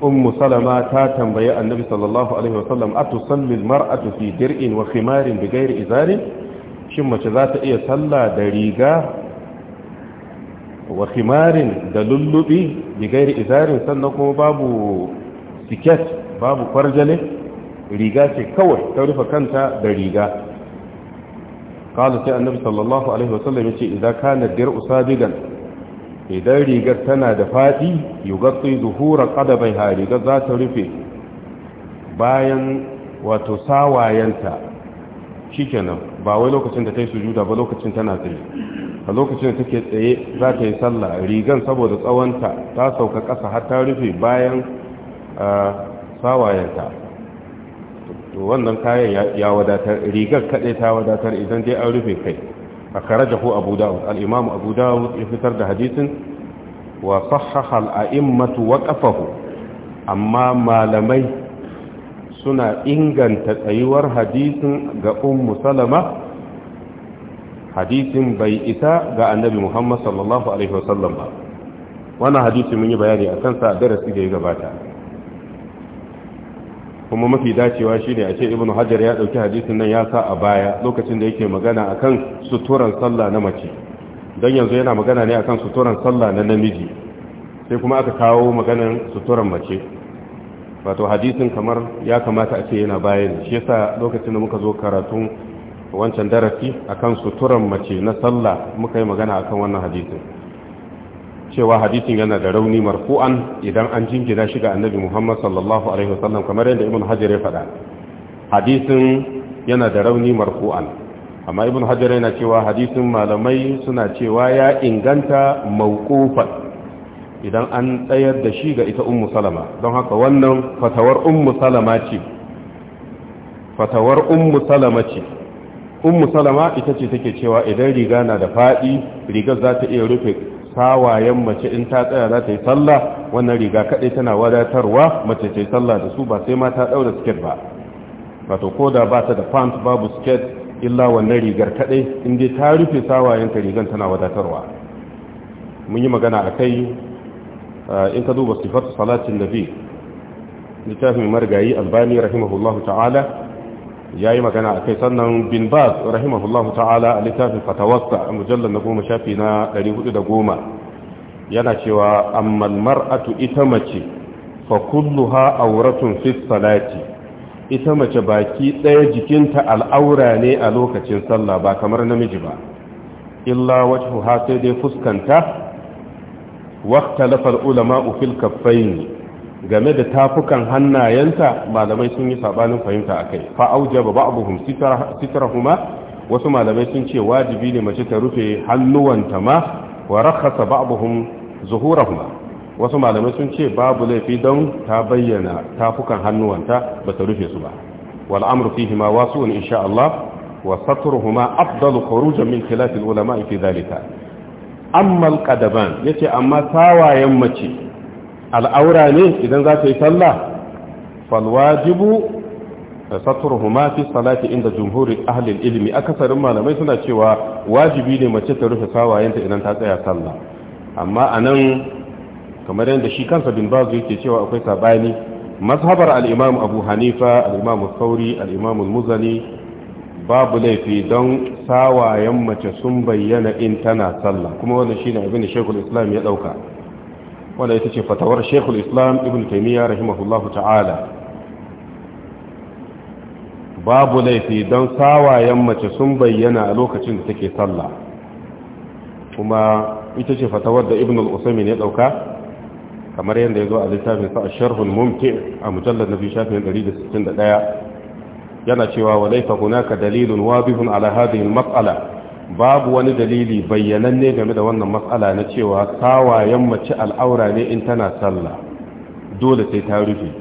ummu salama ta tambaye annabi sallallahu alaihi wasallam atusalli almar'atu fi dir'in wa khimarin bighairi izarin shin mace za ta iya sallah da riga wa khimarin da lullubi bighairi izarin sannan kuma babu siket babu farjale riga ce kawai ta rufe kanta da riga قال sallallahu النبي صلى الله عليه وسلم يتي إذا كان rigar سابقا da ريقت تنا دفاتي يغطي ظهور قدبيها ريقت ذات rufe باين wato ينتا shikenan ba wai lokacin da ta yi sujuda ba lokacin tana tsaye a lokacin da take tsaye za ta yi sallah rigan saboda tsawonta ta sauka ƙasa har ta rufe bayan ah, sawayenta to wannan kayan ya wadatar rigar kaɗai ta wadatar idan dai an rufe kai a ko abu da'ud al'imamu abu da'ud ya fitar da hadisin wa sahaha al’a'immatu wa ƙafahu amma malamai suna inganta tsayuwar hadisin ga 'un musalama hadisin bai isa ga annabi muhammad sallallahu alaihi wasallam ba wannan hadisun mun yi bayani a kansa darasi da ya gabata kuma mafi dacewa shine a ce ibnu hajar ya dauki hadisin nan ya sa a baya lokacin da yake magana akan suturan sallah na mace dan yanzu yana magana ne akan suturan sallah na namiji sai kuma aka kawo maganar suturan mace wato hadisin kamar ya kamata a ce yana baya ne shi yasa lokacin da muka zo karatun wancan darasi akan suturan mace na sallah muka yi magana akan wannan hadisin cewa hadisin yana da rauni marfu'an idan an jingina shi ga annabi Muhammad sallallahu alaihi wasallam kamar yadda Ibn Hajar ya faɗa hadisin yana da rauni marfu'an amma Ibn Hajar yana cewa hadisin malamai suna cewa ya inganta mauqufan idan an tsayar da shi ga ita Ummu Salama don haka wannan fatawar Ummu Salama ce fatawar Ummu Salama ce Ummu Salama ita ce take cewa idan riga na da fadi rigar za ta iya rufe sawayen mace in ta tsaya za ta yi sallah wannan riga kaɗai tana wadatarwa mace ta yi sallah da su ba sai ma ta ɗaura siket ba wato ko da ba ta da pant babu siket illa wannan rigar kaɗai in dai ta rufe tawayen ta rigan tana wadatarwa mun yi magana a kai uh, in ka duba sifar salatin nabi littafin marigayi albani rahimahullahu ta'ala ya yi magana a kai sannan bin baz rahimahullahu ta'ala a littafin fatawarsa a mujallar na goma shafi na 410 yana cewa ammal mar'atu ita mace fa ha auratun fi salati ita mace baki ɗaya jikinta al'aura ne a lokacin sallah ba kamar namiji ba illa ha sai dai fuskanta waktalafar ulama'u ulama fil kaffayn game da tafukan hannayenta malamai sun yi sabanin fahimta a kai fa'auja ba ba'abuhum sitarahuma wasu malamai sun ce wajibi ne mace ta rufe hannuwanta ma wa rakhasa zuhura zuhurahuma wasu malamai sun ce babu laifi don ta bayyana tafukan hannuwanta ba ta rufe su ba wal amru fihi ma wasu insha Allah wa satruhuma afdalu khurujan min khilaf al ulama fi dhalika amma al qadaban yace amma tawayen mace al'aura ne idan za ta yi sallah falwajibu satruhuma fi salati inda jumhuri ahli ilmi akasarin malamai suna cewa wajibi ne mace ta rufe sawayenta idan ta tsaya sallah amma a nan kamar yadda shi kansa bin bazu yake cewa akwai sabani mazhabar alimam abu hanifa al-imam sauri al muzani babu laifi don sawayen mace sun bayyana in tana sallah kuma wannan ne abin da shekul islam ya ɗauka. wanda ita ce fatawar shekul islam ibn taimiyya rahimahullahu ta'ala babu laifi don sawayen mace sun bayyana a lokacin da take sallah kuma ita ce fatawar da ibn al'usami ya ɗauka kamar yadda ya zo a littafin sa a sharhun mumti a mujallar na shafin 161 yana cewa wa laifa hunaka dalilun wabihun ala hadhihi al-mas'ala babu wani dalili bayyananne game da wannan matsala na cewa kawayen mace al'aura ne in tana sallah dole sai ta rufe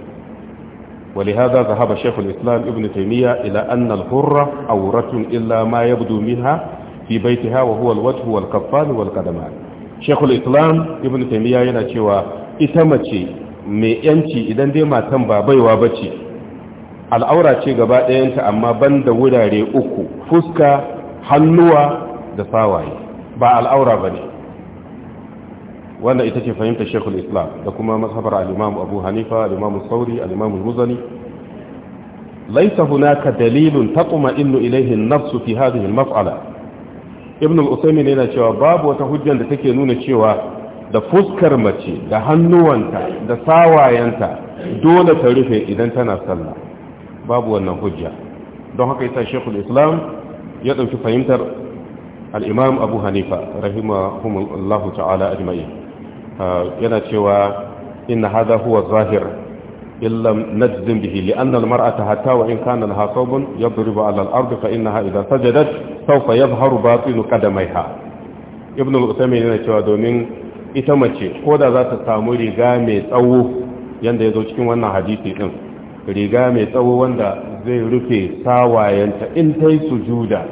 ولهذا ذهب شيخ الإسلام ابن تيمية illa أن الحرة عورة إلا ما يبدو منها في بيتها وهو الوجه wal والقدمان شيخ الإسلام ابن تيمية yana cewa ita mace mai yanci idan dai matan ba baiwa bace al'aura ce gaba ɗayanta amma banda wurare uku fuska hannuwa da sawaye ba al'aura ba ne wanda ita ce fahimta shekul islam da kuma masabar al'imamu abu hanifa al'imamu sauri al'imamu muzani laisa hunaka dalilun taquma innu ilaihi an-nafs fi hadhihi al-mas'ala ibn al-usaymin yana cewa babu wata hujjar da take nuna cewa da fuskar mace da hannuwanta da sawayenta dole ta rufe idan tana sallah babu wannan hujja don haka yasa shekul islam ya ɗauki fahimtar al'imam abu hanifa Allah ta'ala ajma'i ah, yana cewa inna haza huwa zahir illam najzim bihi li'anna marata hatta wa in kana laha thawbun yadribu 'ala al-ard fa innaha idha sajadat sawfa yadhharu batinu qadamayha ibn al yana cewa domin ita mace ko da za ta samu riga mai tsawo yanda ya zo cikin wannan hadisi din riga mai tsawo wanda zai rufe sawayenta in ta yi sujuda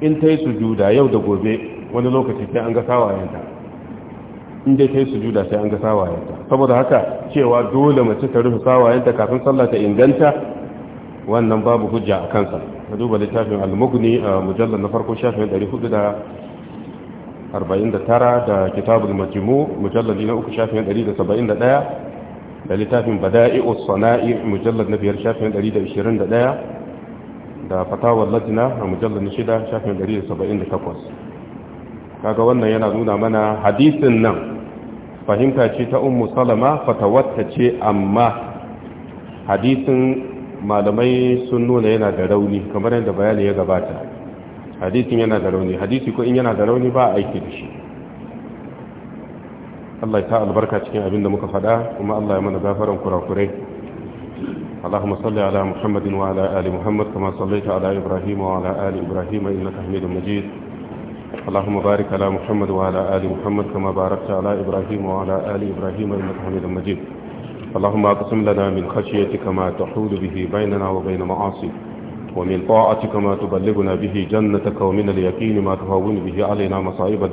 in ta yi sujuda yau da gobe wani lokaci sai an ga sawayenta in dai ta yi sujuda sai an ga sawayenta saboda haka cewa dole mace ta rufe sawayenta kafin sallah ta inganta wannan babu hujja a kansa ka duba littafin al-mughni a mujallar na farko shafin 449 da kitabul majmu mujallar na uku shafin 171 da littafin bada'i'u sana'i mujallar na biyar shafin 121 da fatawar latina a mujallar na shida shafin 178 kaga wannan yana nuna mana hadisin nan fahimta ce ta ummu salama fatawatta ce amma hadisin malamai sun nuna yana da rauni kamar yadda bayani ya gabata hadisin yana da rauni hadisi ko in yana da rauni ba aiki da shi Allah ya sa albarka cikin abin da muka faɗa kuma Allah ya mana gafaran kurakurai. Allahumma salli ala Muhammadin wa ala ali Muhammad kama sallaita ala Ibrahim wa ala ali Ibrahim innaka Hamidum Majid. Allahumma barik ala Muhammad wa ala ali Muhammad kama barakta ala Ibrahim wa ala ali Ibrahim innaka Hamidum Majid. Allahumma aqsim lana min khashyatika ma tahul bihi baynana wa bayna ma'asi wa min ta'atika ma tuballighuna bihi jannatak wa min al-yaqin ma tuhawwin bihi alayna masa'ib ad